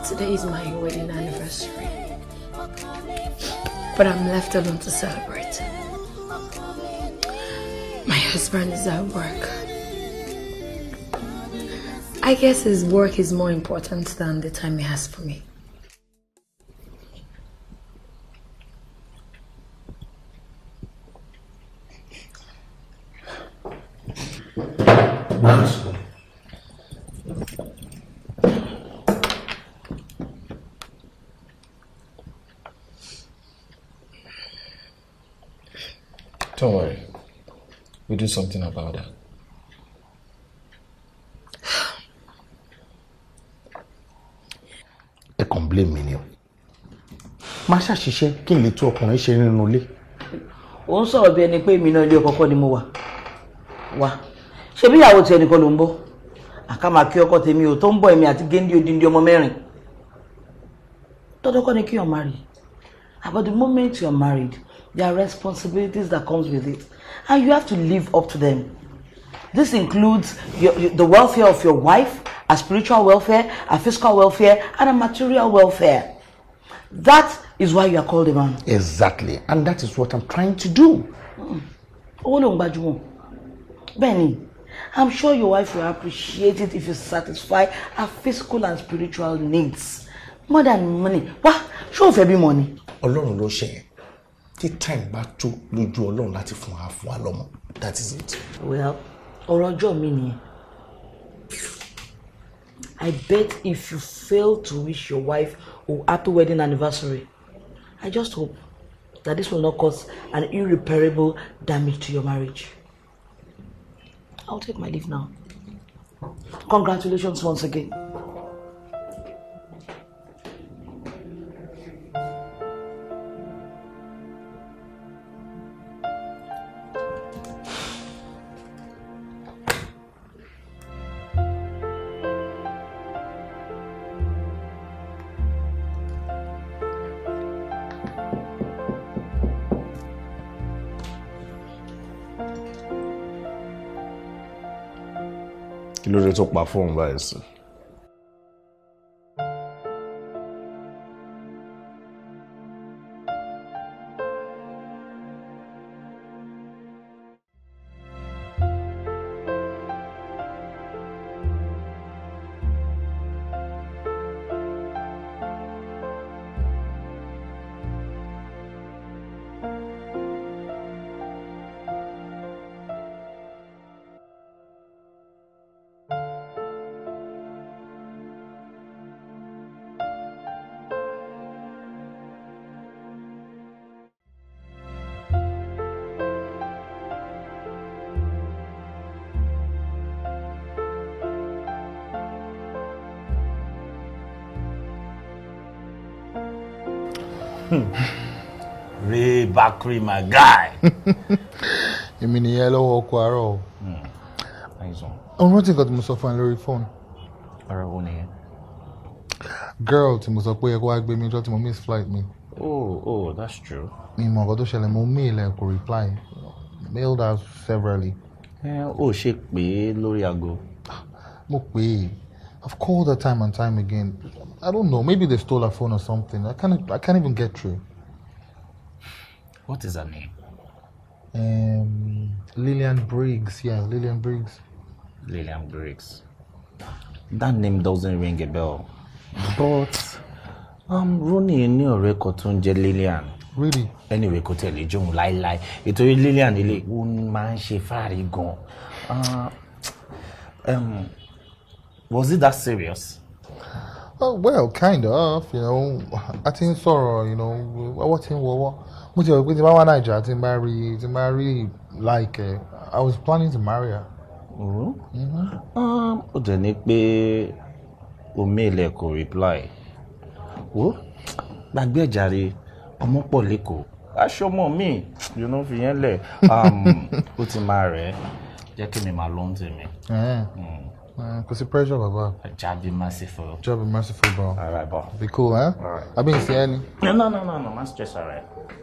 Today is my wedding anniversary. But I'm left alone to celebrate. My husband is at work. I guess his work is more important than the time he has for me. Don't worry. We'll do something about that. blame mi ni o máa ṣàṣiṣẹ́ kí n lè tún ọkùnrin ṣe nínú ilé. ó ń sọ̀rọ̀ bí ẹni pé èmi náà ilé ọkọ̀ ni mo wà wá ṣé bí ìyàwó tiẹ̀ nìkan ló ń bọ̀ àkàmà kí ọkọ tèmi ò tó ń bọ̀ èmi àti géńdé odindi ọmọ mẹ́rin tọ́dọ́kọ́ ni kí you're married about the moment you're married there are responsibilities that comes with it and you have to live up to them this includes your, the welfare of your wife A spiritual welfare, a physical welfare, and a material welfare. That is why you are called a man. Exactly. And that is what I'm trying to do. Mm. Benny, I'm sure your wife will appreciate it if you satisfy her physical and spiritual needs. More than money. Wá, show o every money. Alone, ló share. yẹn. time back to lójú alone that fún wa fún wa That is it. Well, ọ̀rọ̀ ọjọ́ mi I bet if you fail to wish your wife a happy wedding anniversary, I just hope that this will not cause an irreparable damage to your marriage. I'll take my leave now. Congratulations once again. tó pa fóun báyìí sí Bakri, my guy. èmi nìyẹn lọ́wọ́ ọkọ̀ àárọ̀ o. ọ̀run hmm. rántí nǹkan tí mo sọ fún ẹ lórí fóònù. ọ̀rọ̀ wo nìyẹn. girl tí mo sọ pé ẹ kó wá gbé mi ọjọ́ tí mo miss flight mi. oh oh that's true. mi mọ ọkọ tó ṣẹlẹ̀ mo mail ẹ kò reply mailed her severally. ó ṣe pé lórí aago. mo pè é I've called her time and time again. I don't know maybe they stole her phone or something I can't I can't even get through. What is her name? Um, Lillian Briggs. Yeah, Lillian Briggs. Lillian Briggs. That name doesn't ring a bell. But um, Ronnie you ọ̀rẹ́ kan tó ń jẹ́ Lillian. Really? Anyway, could kò tẹ̀lé jóun láéláé. Ìtorí Lillian ilé ó máa one man she far gone. Um, was it that serious? Oh, well, kind of. You know, I think sorrow. you know, ọwọ́ ti what wọwọ́ mo ti rò pé tí n bá wá nàìjíríà tí n bá rí tí n bá rí láìkẹ i was planning to marry her. Mm-hmm. Mm-hmm. Um, ó dẹ̀ ní pé omi ilẹ̀ kò reply wo gbàgbé ẹ̀jàre ọmọ pọ̀ lẹ́kọ̀ọ́ aṣọ́mọ mi yóò fi yẹn lẹ̀ um, ó ti máa rẹ̀ jẹ́ kí mi máa lọ́n tèmi. Eh. Mm. Eh, kò sí pressure bàbá. jabi merciful. jabi merciful bro. all right bro. be cool eh? all right. àbí n sí ẹni. no no no no no ma stress ara ẹ.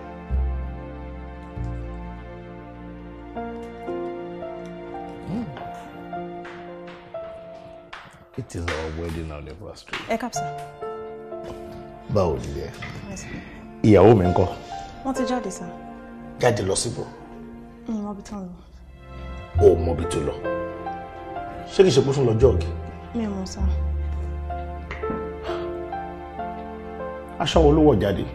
it is our wedding anniversary. ẹ káàbọ̀. báwo ni ẹ. ìyàwó mi ń kọ́. wọ́n ti jáde sàn. jáde lọ síbò. n ò mọbi tó ń lọ. o ò mọbi tó lọ. ṣé kìí ṣe pé fún lọ jọ́ọ̀gì. mi ò mọ sá. aṣọ wo ló wọ̀ jáde.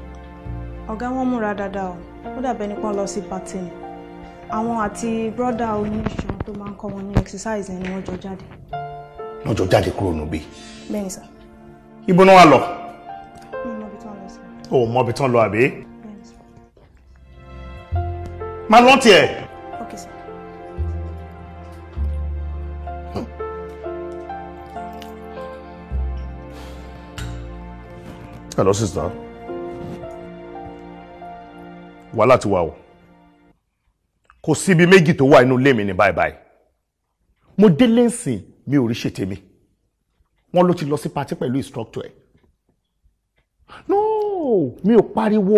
ọ̀gá wọn múra dáadáa o ó dàbẹ́ nípa lọ sí pàtẹ́ẹ̀nì àwọn àti bírọ́dà oníṣòwò tó máa ń kọ́ wọn ní exercise ni wọ́n jọ jáde lọ́jọ́ jáde kúrò níbí. bẹ́ẹ̀ni sà. ibo náà wà lọ. mi ò mọ tán lọ sí. o mọ ibi tán lọ àbí. máa lọ tiẹ̀. hello sister wàhálà ti wà o kò síbi méjì tó wà inú ilé mi ní báyìí báyìí mo délé ń sìn mi ò rí ṣètè mi wọ́n ló ti lọ sí patí pẹ̀lú instructor ẹ̀ no mi ò pariwo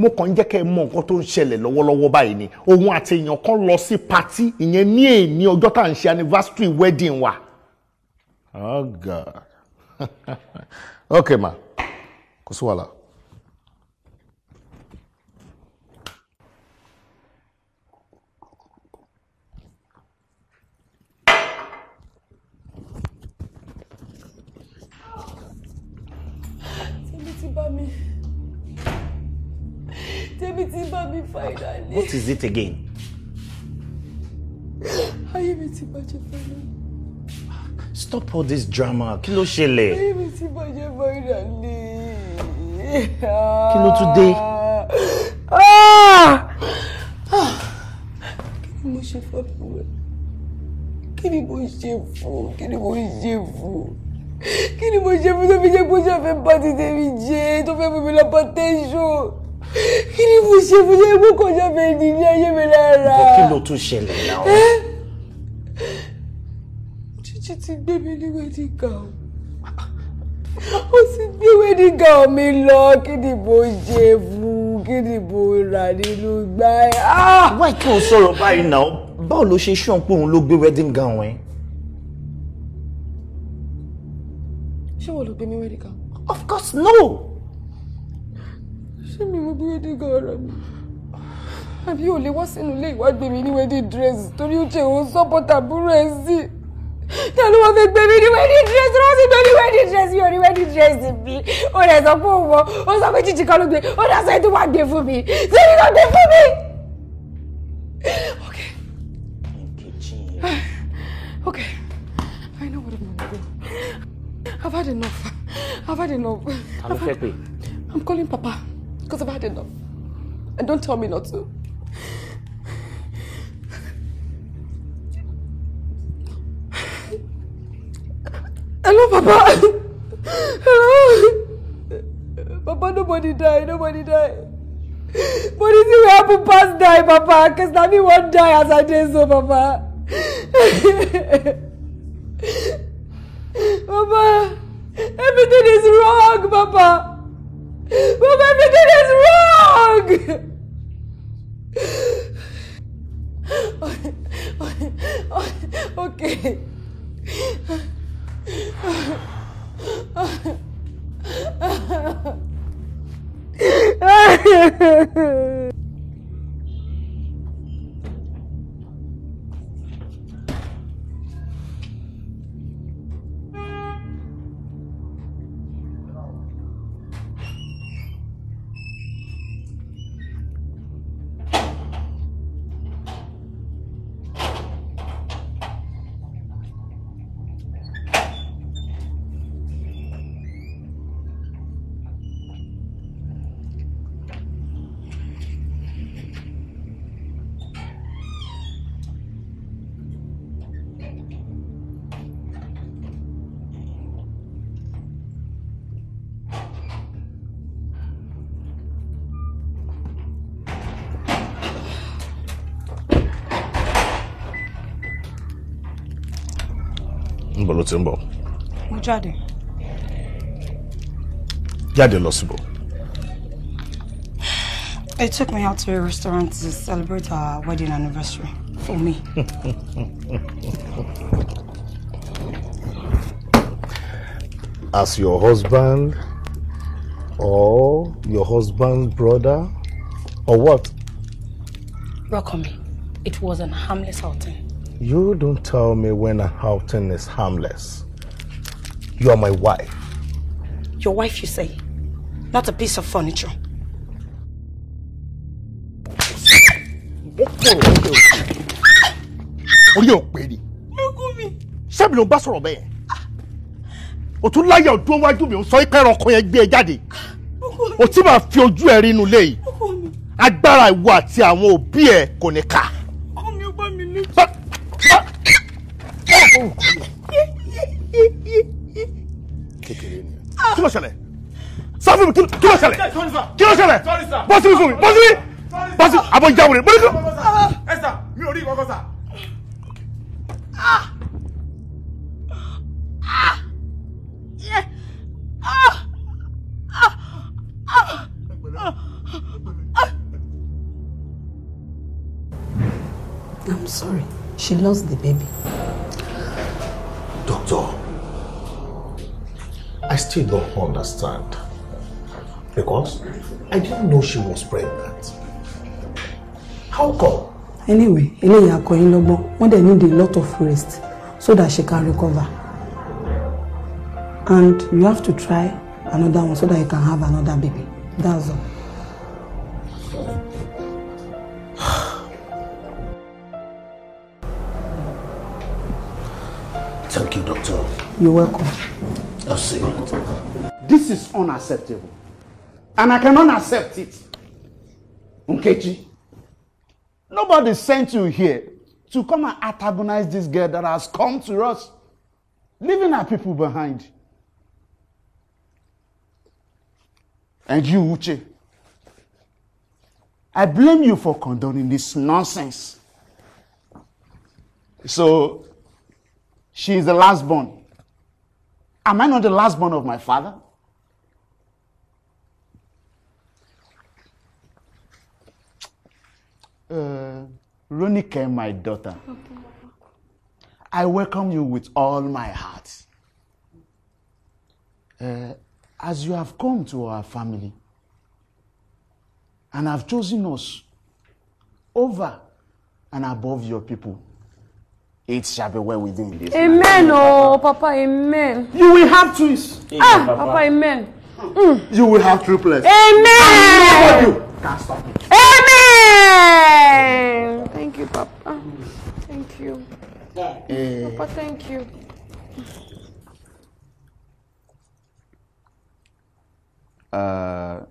mo kàn ń jẹ́ kẹ́ ẹ mọ nǹkan tó ń ṣẹlẹ̀ lọ́wọ́lọ́wọ́ báyìí ni òun àti èèyàn kan lọ sí patí ìyẹn ní èèní ọjọ́ tá à ń ṣe anniversary wedding wa. oh god okay ma kò sí wàhálà. finally. What is it again? Ayé mi ti bàjẹ́ finally. Stop all this drama. Kí ló ṣẹlẹ̀? Ayé mi ti bàjẹ́ finally. Kí ló tún dé? Ah! Ah! Kí ni mo ṣe fún ẹ? Kí ni mo ṣe fún? Kí ni mo ṣe fún? kí ni mo ṣe fún tó fi jẹ́ kó ṣàfẹ́ bá ti tèmi jẹ́ tó fẹ́ fún mi lọ pọ́tẹ́ṣọ̀ kí ni mo ṣe mo yẹ kó kọjá bẹ́ẹ̀ ni ní ayé mi lára. kí ló tún ṣẹlẹ̀ náà. títí ti gbé mi ní wedding gown ó sì gbé wedding gown mi lọ kí ni mo ṣe fún kí ni mo rà nínú gbá ẹ. Ah! wáyé kí o sọ̀rọ̀ báyìí náà báwo ló ṣe ṣọ́n pé òun ló gbé wedding gown ẹ. ṣé wọ́n ló gbé mi wedding gown. of course no ṣé mi mo bí wedding gown ara mi àbí ò lè wá sínú ilé ìwádìí mi ní wedding dress torí ó jẹ́ òun sọ́pọ̀tà búrú ẹ̀ sí ta ló wọ́n fi gbé mi ní wedding dress wọ́n sì gbé mi wedding dress mi ò wedding dress mi ó rẹ̀ sọ pé òun ó sọ pé jìjì kan ló gbé ó dá sọ ètò wà gbé fún mi ṣé mi ló gbé fún mi. okay okay i know what i'm gonna do i've had enough i've had enough. I'm ló fẹ́ i'm calling papa. Because I've had enough. And don't tell me not to. Hello, Papa. Hello. Papa, nobody die. Nobody die. But is it where Apple Pass die, Papa? Because Nami won't die as I did so, Papa. Papa, everything is wrong, Papa. Mom, everything is wrong! okay. tí ń bọ̀. mo jáde. jáde lọ They took me out to a restaurant to celebrate our wedding anniversary for me. As your husband or your husband's brother or what? Rock on me. it was an harmless outing. You don't tell me when an outing is harmless. You are my wife. Your wife, you say? Not a piece of furniture. orí ò pé ni. sẹ́mi ló ń bá sọ̀rọ̀ bẹ́ẹ̀. o tún láyà ọdún wájú mi ò sọ ìkẹrẹ ọkọ yẹn gbé e jáde. o ti máa fi ojú ẹ̀ rí inú ilé yìí. agbára ìwọ àti àwọn òbí ẹ kò ní ká. kékeré ni kí ló ṣẹlẹ̀ sáfù kí ló ṣẹlẹ̀ kí ló ṣẹlẹ̀ bọ́sibí fún mi bọ́sibí bọ́sibí àbọ̀ ìjà wòlé bọ́sibí. ẹ sà mi ò rí ìkọ́kọ́ sà. I'm sorry. She lost the baby doctor. I still don't understand. Because I didn't know she was pregnant. How come? Anyway, eléyìí akọyin lọ́gbọ́n, wọ́n dẹ̀ need a lot of rest so that she can recover. And you have to try another one so that you can have another baby. That's all. You're welcome. This is unacceptable. And I cannot accept it. Nkechi, nobody sent you here to come and antagonize this girl that has come to us, leaving her people behind. And you, Uche, I blame you for condoning this nonsense. So, she is the last born. Am I not the last born of my father? Uh, Ronika, my daughter, I welcome you with all my heart. Uh, as you have come to our family and have chosen us over and above your people, it shall be well within this. Amen, oh Papa, Amen. You will have twins. Ah, amen, ah, Papa, Papa Amen. Mm. You will have triplets. Amen. You can't stop me. Amen. Thank you, Papa. Thank you. Uh, Papa, thank you. Uh,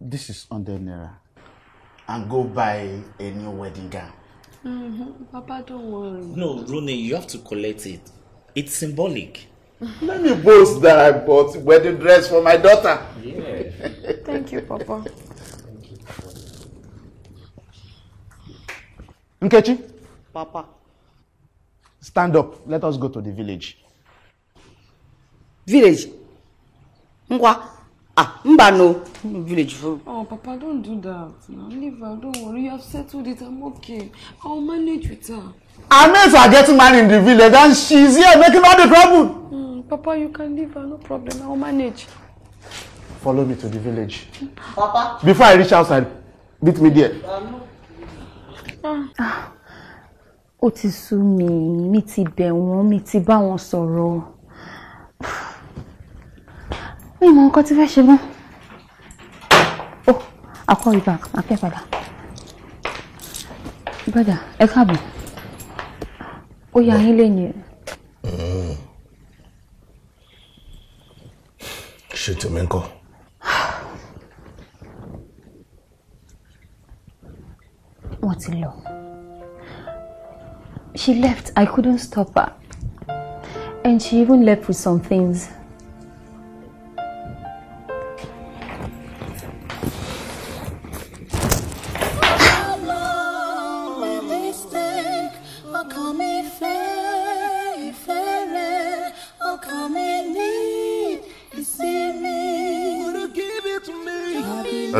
this is 100 naira. And go buy a new wedding gown. Mm-hmm. Papa, don't worry. No, Rooney, you have to collect it. It's symbolic. Let me boast that I bought wedding dress for my daughter. Yeah. Thank you, Papa. Thank Nkechi? Papa. Stand up. Let us go to the village. Village? Ngwa, Ah, no, village fool. Oh, Papa, don't do that. Now leave her. Don't worry. I've settled it. I'm okay. I'll manage with her. I know if I get married in the village and she's here making all the trouble. Mm, Papa, you can leave her. No problem. I'll manage. Follow me to the village. Papa. Before I reach outside, meet me there. Ah. ah. Ó mi, mi ti bẹ̀ wọ́n, mi ti bá wọn sọ̀rọ̀ mi mọ nǹkan tí fẹ́ ṣe mọ́ ó akọ ìbá àpẹ́ padà brother ẹ káàbọ̀ ó yà yín lẹ́yìn. ṣe tèmi ńkọ́. wọ́n ti lọ. She left. I couldn't stop her. And she even left with some things.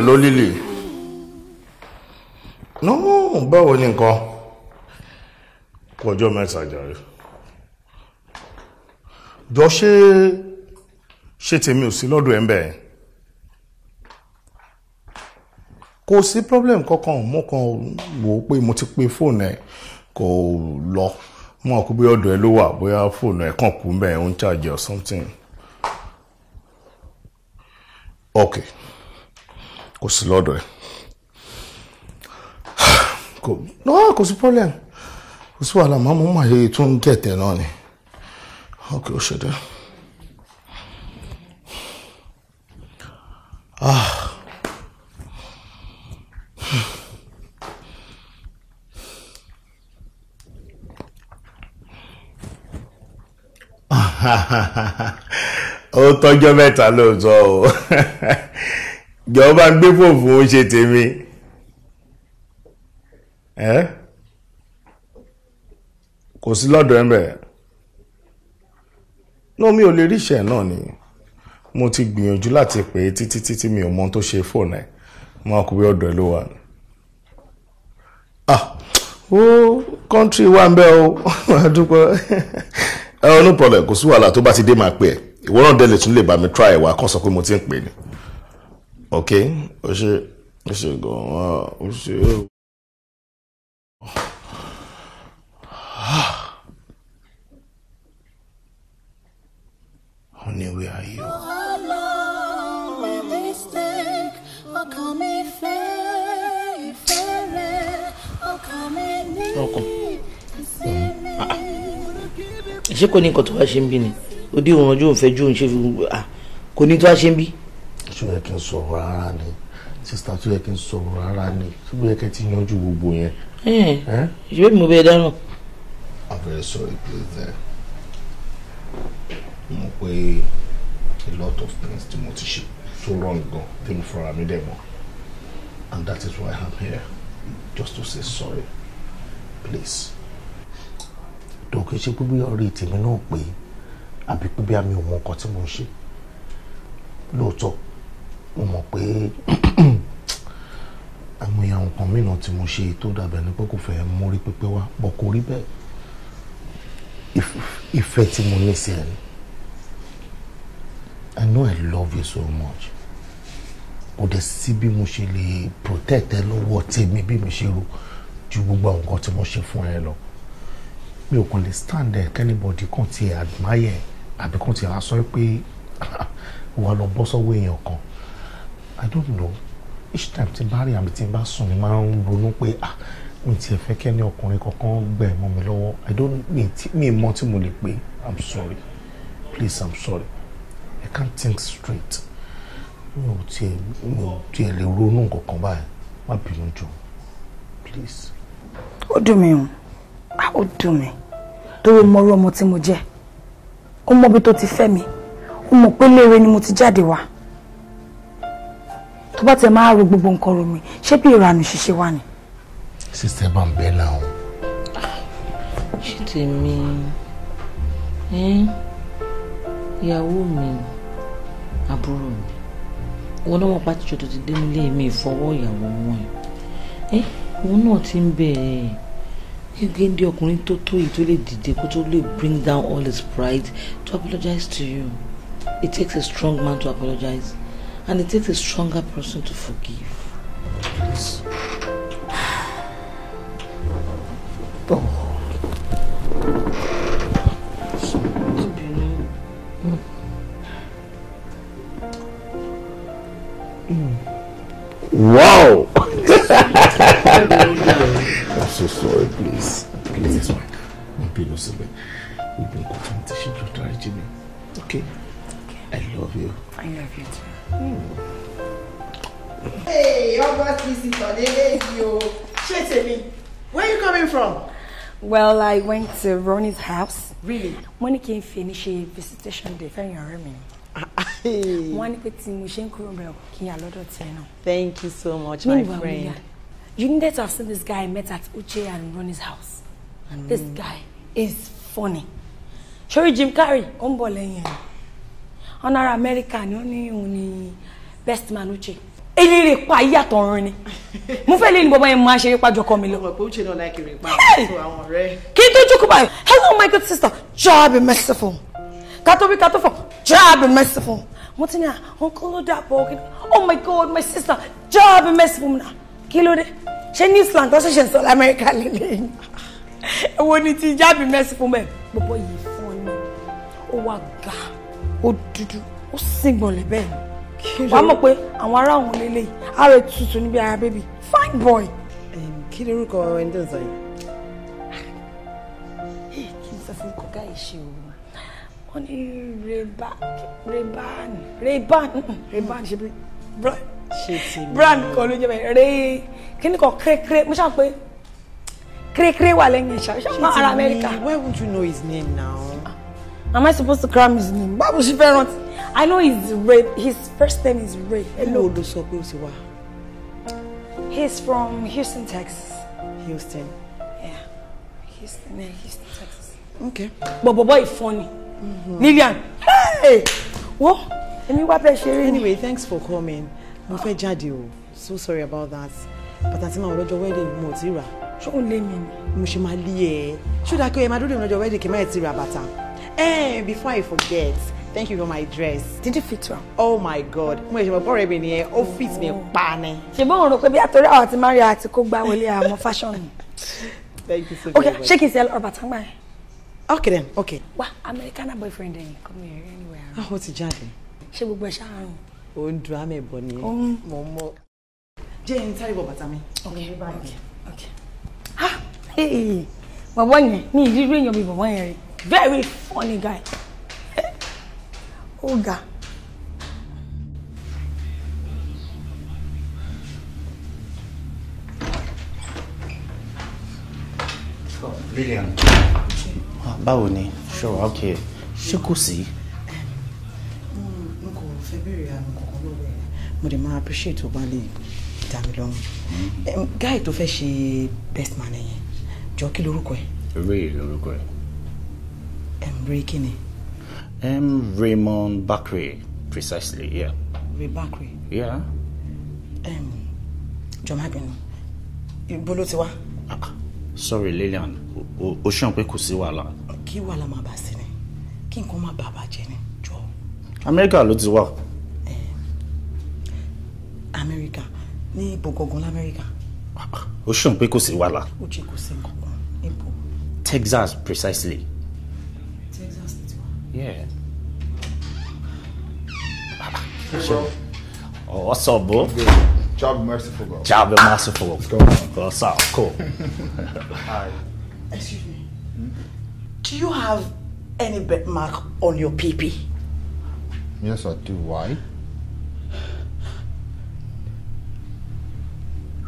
Hello Lily. No, báwo ni nǹkan? Kú ọjọ́ mẹ́ta jàre. Jọ ṣé ṣé tèmi ò sí lọ́dọ̀ ẹ̀ ń bẹ̀? Kò sí problem kankan mo kàn wò ó pé mo ti pe fóònù ẹ̀ kò lọ. Mo mọ̀ pé bóyá ọ̀dọ̀ ẹ ló wà bóyá fóònù ẹ̀ kàn kú ń ń charge or something. Okay kò sí lọ́dọ̀ ẹ̀ kò no kò sí problem kò sí wàhálà màmú màyè tó ń gẹ̀tẹ̀ náà ni ok ó ṣe dé. ah. ó tọ́jọ́ mẹ́ta lóòótọ́ o jọba ń gbé fòfò ń ṣe tèmi ẹ kò sí lọ́dọ̀ ẹ̀ bẹ́ẹ̀ náà mi ò lè ríṣẹ́ náà ni mo ti gbìyànjú láti pè é títí títí mi ò mọ tó ṣe fóònù ẹ̀ mo kò bí ọ̀dọ̀ ló wà ní. ah ó kọ́ńtírì wa ń bẹ́ o àdúpọ̀ ẹ ọ no problem kò sí wàhálà tó bá ti dé máa pè ẹ́ ìwọ náà délé tún lè bá mi try ẹ̀ wá kàn sọ pé mo ti ń pè é ni. OK，我是我是讲啊，我是啊，Honey, ah, ah. where are you? ọkàn ah. ṣé kò ní nǹkan tó wá ṣe ń bí ni ó dé òun ọjọ́ òun fẹ́ ju òun ṣe fi kò ní tó wá ṣe ń bí tó yẹ kí n sọ̀rọ̀ rárá ni sista tó yẹ kí n sọ̀rọ̀ rárá ni tó yẹ kí n ti yanjú gbogbo yẹn. ìṣòro mi ò bẹ dáhùn. I'm very sorry please there. mo pe a lot of things tí mo ti ṣe tó wrong gan tí mo fọra mi dẹ̀ mọ́ and that is why I'm here just to say sorry please. dọ̀kẹ́ ṣe pé bí ọ̀rẹ́ tèmi náà pé àbí pé bí àmì òun ọkọ̀ tí mo ń ṣe lóòótọ́ mo mọ̀ pé àìmọye àwọn nǹkan mìíràn tí mo ṣe tó dàbẹ̀ ni pé kò fẹ́ mórí pípé wá bọ̀ kò rí bẹ́ẹ̀ ìfẹ́ tí mo ní sí ẹ ni I know I love you so much kò dẹ̀ sí bí mo ṣe lè protect ẹ lọ́wọ́ tèmi bí mi ṣe rò ju gbogbo àwọn nǹkan tí mo ṣe fún ẹ lọ mi ò kàn lè stand there kẹ́nìbọ̀dì kan ti admire àbí kan ti wá sọ pé ah, wà lọ bọ́ sọ́wọ́ èèyàn kan I don't know each time tí n bá rí àmì tí n bá sùn ni máa ń ronú pé ah mi tiẹ̀ fẹ́ kẹ́ ní ọkùnrin kankan gbẹ mọ́ mi lọ́wọ́ I don't mi mọ tí mo lè pé I'm sorry please I'm sorry I can't think straight mi ò tiẹ̀ mi ò tiẹ̀ lè ronú kankan báyìí má bínú jọ please. ó dùn mí o ó dùn mí torí mo rí ọmọ tí mo jẹ́ ó mọ bí tó ti fẹ́ mi ó mọ̀ pé léèrè ni mo ti jáde wá tó bá ti máa ro gbogbo nǹkan ro mi ṣé bí ìranù ṣiṣẹ́ wà ni. sísẹ bá ń bẹ náà. ṣé tèmi ìyàwó mi àbúrò mi wọn náà wọn pàtìjọ tó ti dé nílé mi ìfọwọ́ ìyàwó wọn ẹ wọn náà ti ń bẹ ẹ gégéńdé ọkùnrin tó tó yìí tó lè dìde kó tó lè bring down all his pride to apologize to you it takes a strong man to apologize. and it takes a stronger person to forgive. Yes. Oh. Hmm. Wow! I'm so sorry, please. Please, my pillow, We've been Okay? I love you. I love you too. August visitor, you. Shetemi, where are you coming from? Well, I went to Ronnie's house. Really? When ní came finish a visitation day fẹ́yìn ọ̀rẹ́ mi. Wọ́n ní pé tí mo ṣe ń kúrò mẹ́rọ kí n yà lọ́dọ̀ tiẹ̀ Thank you so much, my friend. Meanwhile, you needed to have seen this guy I met at Uche and Ronnie's house. Mm. This guy is funny. Sorry, Jim Carrey, ó ń bọ̀ ọ̀nà ara amẹ́ríkà ni ó ní òun ni best man uche eléré pa ayé àtọ̀run ni mo fẹ́ lé ní bọ́bá yẹn máa ṣe erépá jọkọ mi lọ. ọmọ ìpò uche náà láì kiri pa àwọn ọ̀rẹ́. kí n tó jókòó báyìí hello my good sister job be merciful Katobi, bí kátó job be merciful mo ti ní à ah, uncle ló dàpọ̀ oh my god my sister job be merciful na ah, kí ló dé ṣé new slang tó ṣẹ̀ṣẹ̀ sọ lamẹ́ríkà lélẹ́yìn èwo ni ti job be merciful mẹ́ gbogbo yìí fún ọ ní ó wà ó dúdú ó sìngbọ̀nlẹ̀ bẹ́ẹ̀ ni wàá mọ̀ pé àwọn ará òun lélẹ̀ ààrẹ tuntun níbi ara bébì fine boy. kí ni orúkọ ẹni tó ń sọ yìí. kí n sọ fún kọ́gá ìṣe o wọ́n ní reban reban hmm, ṣe bí brand kan ló jẹ́ bẹ́ẹ̀ re kí ni kan mo ṣáà pé kékeré wà lẹ́yìn ìṣàkóso ara Amẹ́ríkà. why would you know his name now. Am I supposed to cram his name? Báwo ṣe fẹ́ I know his rape. His first name is Ray. Hello. Olú sọ pé ó ti wá. He's from Houston, Texas. Houston. Yeah. Houston, yeah, Houston, Texas. Okay. But boy, is funny. mm Hey! Whoa! Èmi wá fẹ́ ṣeré. Anyway, thanks for coming. Mo fẹ́ jáde o. So sorry about that. But àti máa lọ́jọ́ wedding mo ti rà. Ṣé o lé mi ni? Mo ṣe máa lé ẹ. Ṣé o dáa o yẹ máa dúró lọ́jọ́ wedding kí n má ti rà bàtà? Eh, before I forget, thank you for my dress. Did it fit well? Oh my God. Mo ṣe mo bọ́ọ̀rẹ́ mi nìyẹn, ó fit mi pa ni. Ṣèbí òun rò pé bí àtọ́rí àwọn ti Maria àti kó gbá wọlé àmọ́ fashion Thank you so okay, very much. Okay, ṣé kìí ṣe ọba tán gbà Okay then, okay. Wá American boyfriend ẹ̀yìn come here anywhere. Ah, ó ti jáde. Ṣé gbogbo ẹ̀ ṣáàrùn? Ó ń dùn àmì ìbọn nìyẹn. Mo mọ. Jẹ́ ẹni sáré bọ̀ bàtà mi. Okay, okay, okay. Ah, bàbá yẹn mi ìrírí èèyàn mi bàbá yẹn rí very funny guy Oga. ga. Lillian ah, báwo ni sure okay ṣé kò sí. Hmm, n kò fẹ́ bèrè àmì kankan lọ́wọ́ ẹ̀ mo dẹ̀ máa appreciate tó bá lè dá mi lọ́rùn. Hmm. guy tó fẹ́ ṣe best man ẹ̀yẹn jọ kí lorúkọ ẹ̀. ray lorúkọ ẹ̀. M. Mbrekini. M. Raymond Bakri, precisely, yeah. Ray Bakri? Yeah. M. Jọ̀ọ́ má bínú, ibo ló Ah, sorry Lillian, o ṣàn pé kò sí wàhálà. Kí wàhálà máa bá sí ni, kí nǹkan má bàa ni, jọ. America. ló ti wá. Eh, Amẹ́ríkà ní ibo ah, O ṣàn pé kò sí Texas precisely. Yeah. Hey, bro. Oh, what's up, bro? Job merciful, bro. Job be merciful. let on, go. What's up? Cool. Excuse me. Hmm? Do you have any bed mark on your PP? Yes, I do. Why?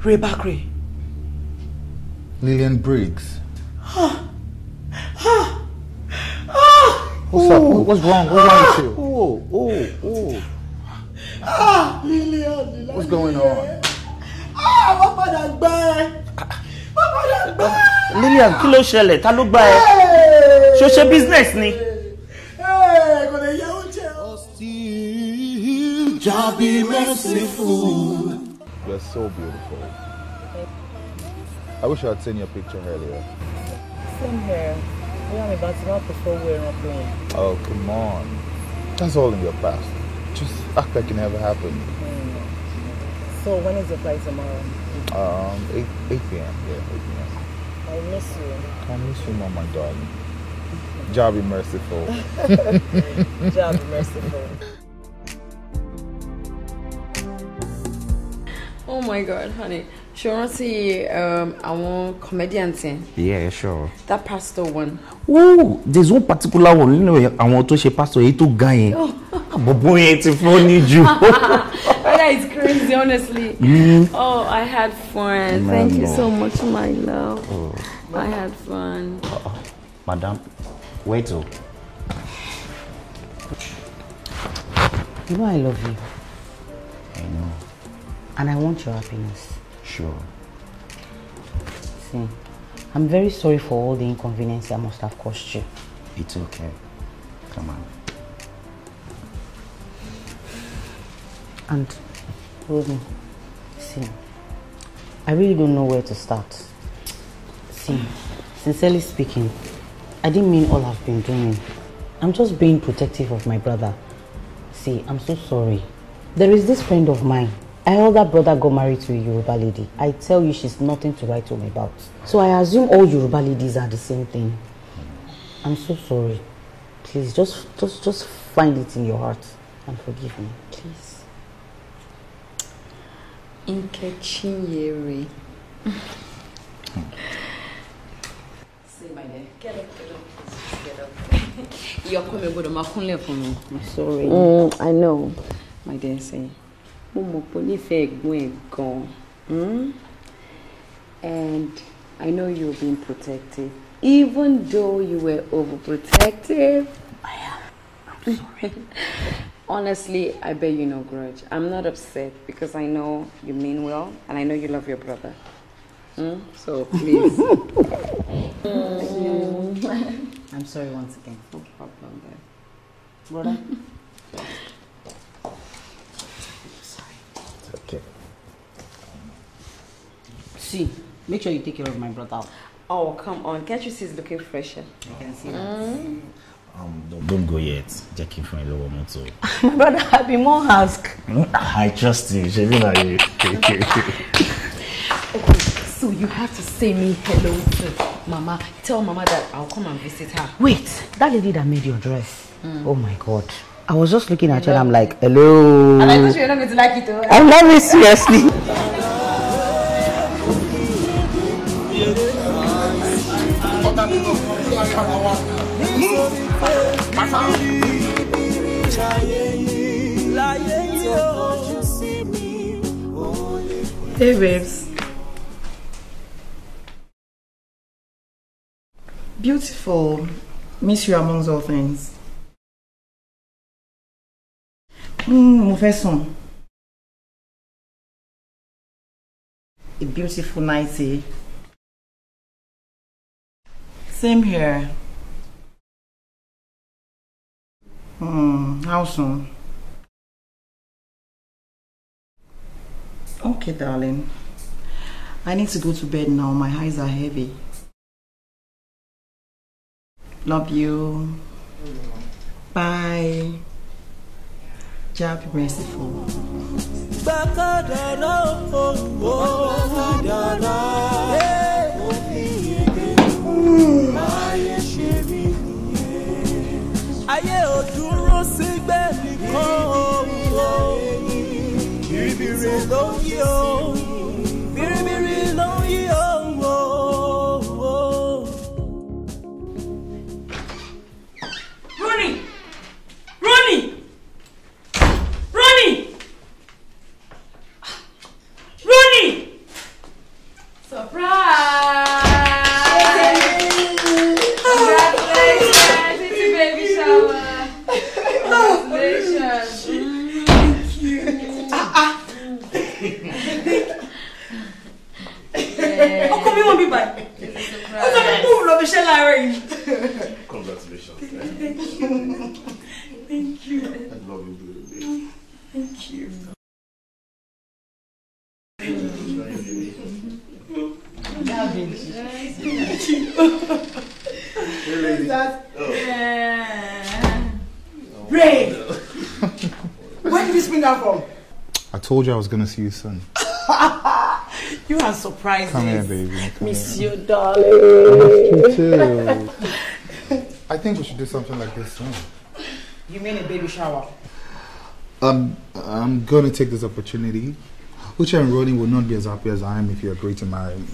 Ray Bakri. Lillian Briggs. Huh. Huh. What's ooh. up? What's wrong? What's wrong with you? Ooh, ooh, ooh. Ah, Lillian, What's going on? Ah, wọ́n padà gbá ẹ. Wọ́n padà gbá ẹ. Lillian, kí ló ṣẹlẹ̀? Ta ló gbá ẹ? Ṣo ṣe business ni? Kò lè yẹ oúnjẹ o. Jabi merciful. You're so beautiful. I wish I had seen your picture earlier. Same here. Yeah, I mean, that's not before we're not doing. Oh, come on. That's all in your past. Just act like it never happened. Mm. So when is the flight tomorrow? Um, 8, 8 p.m. Yeah, 8 p.m. I miss you. I miss you, Mama, darling. Job be merciful. Job be merciful. Oh my God, honey. ṣe o rántí um, àwọn comedians yẹn. yeah sure. that pastor one. woo there is one particular one nínú àwọn tó ṣe pastor èyí tó ga yẹn àbọ̀bọ̀ oh. ah, yẹn ti fún ní jù. Oh, that is crazy honestly. Mm. oh i had fun thank you so much my love oh. i had fun. Uh -oh. madam wait o. Oh. you know i love you. i know. and i want your happiness. Sure. See, hmm. I'm very sorry for all the inconvenience I must have caused you. It's okay. Come on. And, Ruben, see, I really don't know where to start. See, sincerely speaking, I didn't mean all I've been doing. I'm just being protective of my brother. See, I'm so sorry. There is this friend of mine I heard that brother got married to a Yoruba lady. I tell you she's nothing to write home about. So I assume all Yoruba ladies are the same thing. I'm so sorry. Please, just, just, just find it in your heart and forgive me, please. Nkechinyere. Say my name. Get up, get up. Get up. You're coming, but I'm sorry. Mm, I know. My dear, say. mo mọ̀ pé hmm? and I know you have been protective even though you were overprotective. I am. I'm sorry. Honestly, I bear you no grudge. I'm not upset because I know you mean well and I know you love your brother. Mm? So please. Hmm. I'm sorry once again. No problem there. Brother? see, make sure you take care of my brother. Oh, come on. Can't you see he's looking fresher? I can see mm. that. Um, don't, don't go yet. Jackie from a lower motor. My brother, I'll be more ask. Mm, I trust you. Shavina, you. okay, so you have to say me hello to Mama. Tell Mama that I'll come and visit her. Wait, that lady that made your dress. Mm. Oh my God. I was just looking at hello. her and I'm like, hello. And I thought you were not going to like it though. I love it, seriously. Hey babes. Beautiful. Miss you amongst all things. Mm, mo fẹ́ sùn. A beautiful night. Eh? Same here. Hmm, how soon? Okay, darling. I need to go to bed now. My eyes are heavy. Love you. Bye. Jah be merciful. Oh, oh, oh, ayé ojú. Oh, told you I was going to see you soon. you are surprised. Come here, baby. Come Miss here. you, darling. I, I think we should do something like this soon. You mean a baby shower? Um, I'm going to take this opportunity. Uche and Ronnie will not be as happy as I am if you agree to marry me.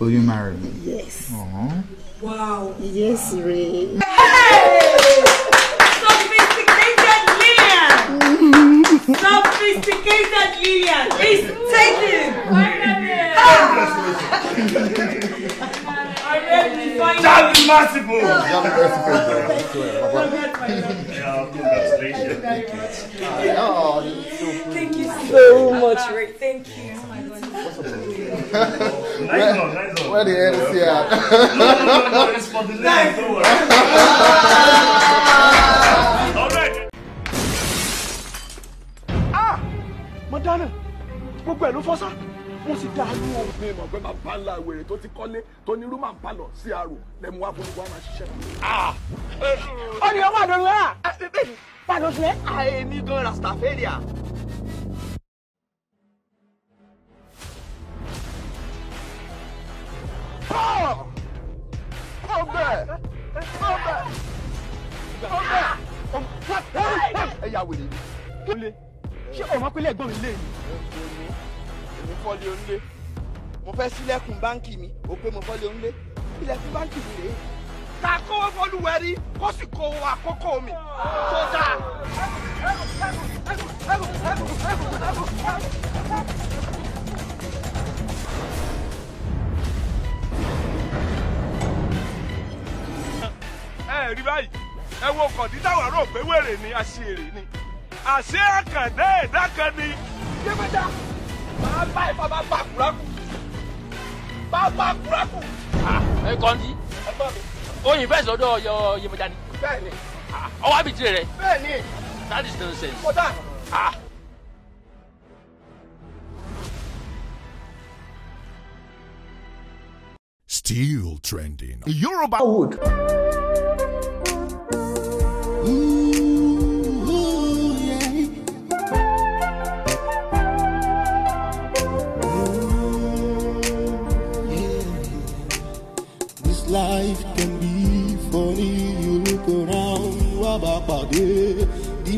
will you marry me? Yes. Aww. Wow. Yes, Ray. Hey! Sophisticated Lillian is taken. Charlie Massible! Thank you so much, Rick. Thank you. nice one, nice one. Where the hell is he at? No, no, no, it's for the ladies, do dáná gbogbo ẹ̀ ló fọ́ sá mo sì dá lú o. mi mọ̀ pé máa bá ńlá wèrè tó ti kọ́lé tó ní rúmà ń palọ̀ sí àrò lẹ́mu wá fún wa máa ṣiṣẹ́. ọ̀nìyàn wà lórí wa. pàdé oṣù rẹ̀. àìní gan rastafaria. ọbẹ̀ ọbẹ̀ ọbẹ̀ ẹ̀yà wèrè ṣé o mọ̀ pé lẹ́gbọ̀n mi lé ni. èmi fọ́lé onílé mo fẹ́ sílẹ̀kùn báǹkì mi ò pé mo fọ́lé onílé ilẹ̀kùn báǹkì mi rèé. ká kówó fọlùwẹ̀rí kó sì kó àkókò mi tó dáa. ẹ rí báyìí ẹ wo kọ̀dí táwọn ará òpè wèrè ni àṣìírè ni àṣé àkàndá ẹ̀dá kan ni. yẹ́pẹ̀dá máa bá ìfọ̀ bá bá kúrákù bá ah, bá kúrákù. ẹ kàn dí. ẹ gbọ́ mi. oyin fẹ́ sọ́dọ̀ ọyọ Yemọja ni. bẹ́ẹ̀ni. Ah, ọwọ́ àbítí rẹ. bẹ́ẹ̀ni. that is nonsense. kódà. Ah. Still trending. Yoruba Wood.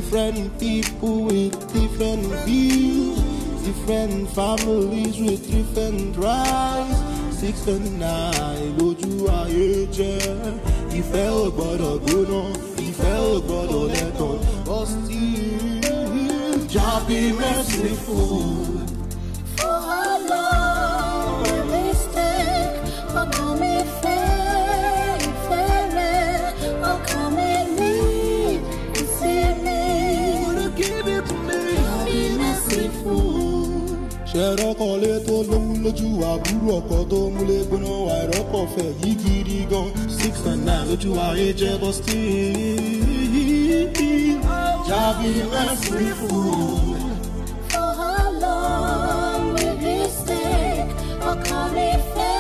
Different people with different views, different families with different rights. Six and nine, lójú ayé jẹ́. Ìfẹ́ ò gbọ́dọ̀ gbóná, ìfẹ́ ò gbọ́dọ̀ lẹ́tàn. But still, just be merciful. ẹ̀rọ́kọ̀ lé tó lówó lójú àbúrò ọkọ̀ tó múlé gbóná àìrọ́kọ̀ fẹ̀ yí gidi gan six and nine lójú ayé jẹ́ bọ́ sí i. Jabi mercy For how long will this take? Or can it